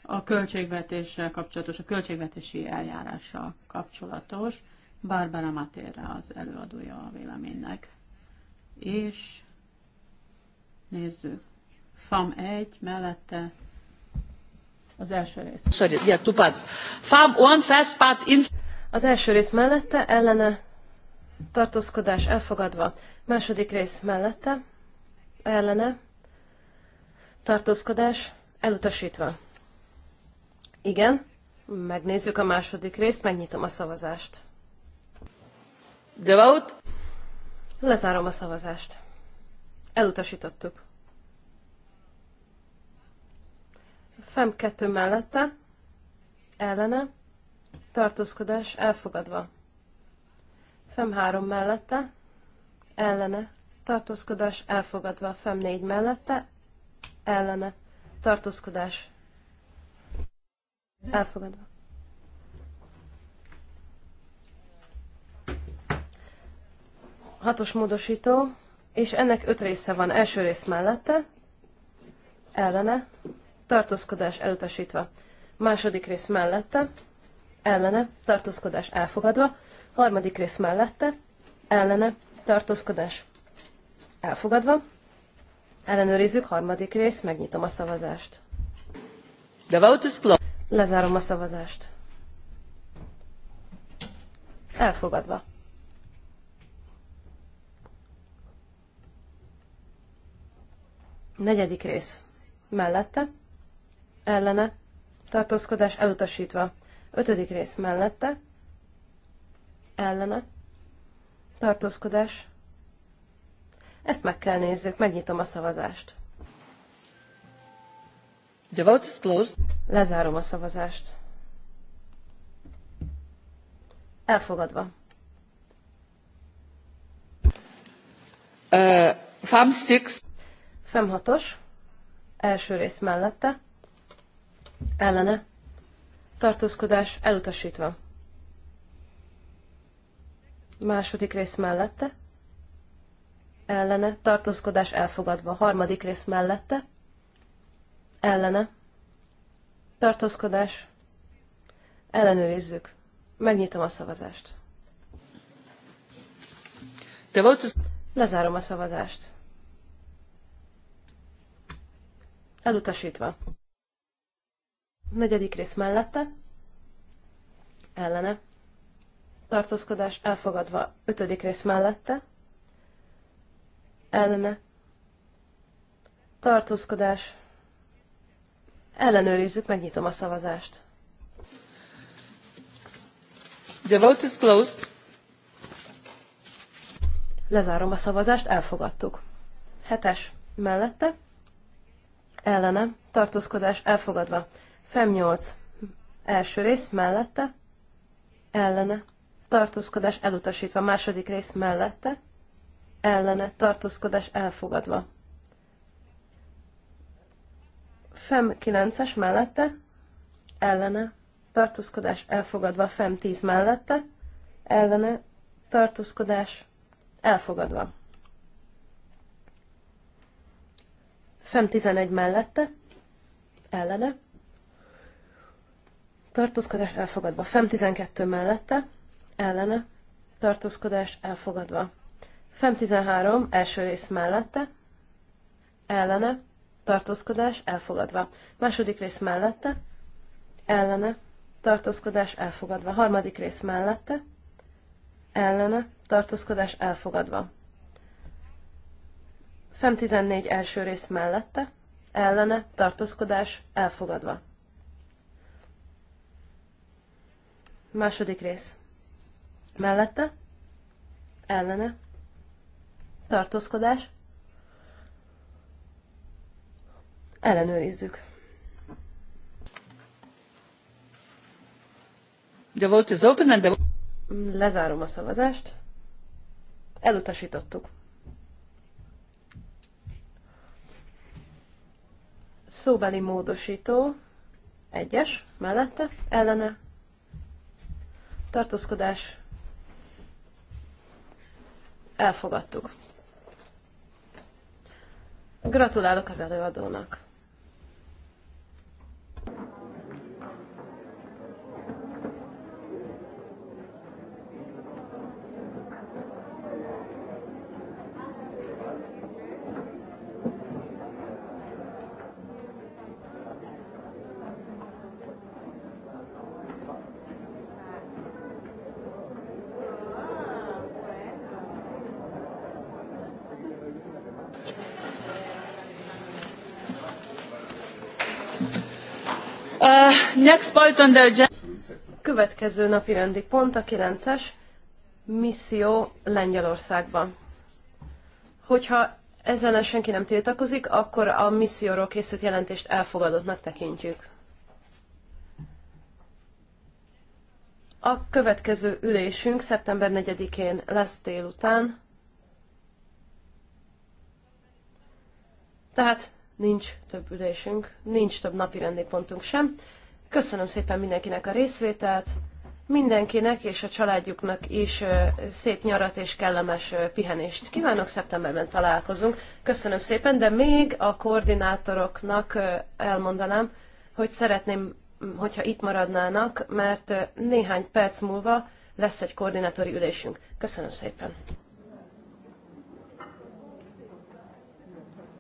a költségvetéssel kapcsolatos, a költségvetési eljárással kapcsolatos. Barbara Matérre az előadója a véleménynek. És nézzük. FAM 1 mellette az első rész. Sorry, yeah, two parts. FAM 1 first part in... Az első rész mellette ellene tartózkodás elfogadva. Második rész mellette ellene tartózkodás elutasítva. Igen, megnézzük a második részt, megnyitom a szavazást. The vote? Lezárom a szavazást. Elutasítottuk. FEM 2 mellette, ellene, tartózkodás elfogadva. FEM 3 mellette, ellene, tartózkodás elfogadva. FEM 4 mellette, ellene, tartózkodás elfogadva. Hatos módosító, és ennek öt része van. Első rész mellette, ellene, tartózkodás elutasítva. Második rész mellette, ellene, tartózkodás elfogadva. Harmadik rész mellette, ellene, tartózkodás elfogadva. Ellenőrizzük harmadik rész, megnyitom a szavazást. The vote is closed. Lezárom a szavazást. Elfogadva. Negyedik rész. Mellette ellene, tartózkodás elutasítva. Ötödik rész mellette, ellene, tartózkodás. Ezt meg kell nézzük, megnyitom a szavazást. The vote is closed. Lezárom a szavazást. Elfogadva. Uh, FAM 6. FAM 6-os. Első rész mellette ellene, tartózkodás elutasítva. Második rész mellette, ellene, tartózkodás elfogadva. Harmadik rész mellette, ellene, tartózkodás, ellenőrizzük. Megnyitom a szavazást. De volt Lezárom a szavazást. Elutasítva. Negyedik rész mellette. Ellene. Tartózkodás elfogadva. Ötödik rész mellette. Ellene. Tartózkodás. Ellenőrizzük, megnyitom a szavazást. The vote is closed. Lezárom a szavazást, elfogadtuk. Hetes mellette. Ellene. Tartózkodás elfogadva. FEM 8 első rész mellette, ellene, tartózkodás elutasítva, második rész mellette, ellene, tartózkodás elfogadva. FEM 9-es mellette, ellene, tartózkodás elfogadva, FEM 10 mellette, ellene, tartózkodás elfogadva. FEM 11 mellette, ellene, tartózkodás elfogadva. Fem 12 mellette, ellene, tartózkodás elfogadva. Fem 13 első rész mellette, ellene, tartózkodás elfogadva. Második rész mellette, ellene, tartózkodás elfogadva. Harmadik rész mellette, ellene, tartózkodás elfogadva. Fem 14 első rész mellette, ellene, tartózkodás elfogadva. Második rész. Mellette. Ellene. Tartózkodás. Ellenőrizzük. The vote is open and the... Lezárom a szavazást. Elutasítottuk. Szóbeli módosító. Egyes. Mellette. Ellene tartózkodás, elfogadtuk. Gratulálok az előadónak! Next point on the agenda. Következő napi rendi pont a 9-es misszió Lengyelországban. Hogyha ezzel senki nem tiltakozik, akkor a misszióról készült jelentést elfogadottnak tekintjük. A következő ülésünk szeptember 4-én lesz délután, tehát nincs több ülésünk, nincs több napi rendi pontunk sem. Köszönöm szépen mindenkinek a részvételt, mindenkinek és a családjuknak is szép nyarat és kellemes pihenést kívánok. Szeptemberben találkozunk. Köszönöm szépen, de még a koordinátoroknak elmondanám, hogy szeretném, hogyha itt maradnának, mert néhány perc múlva lesz egy koordinátori ülésünk. Köszönöm szépen!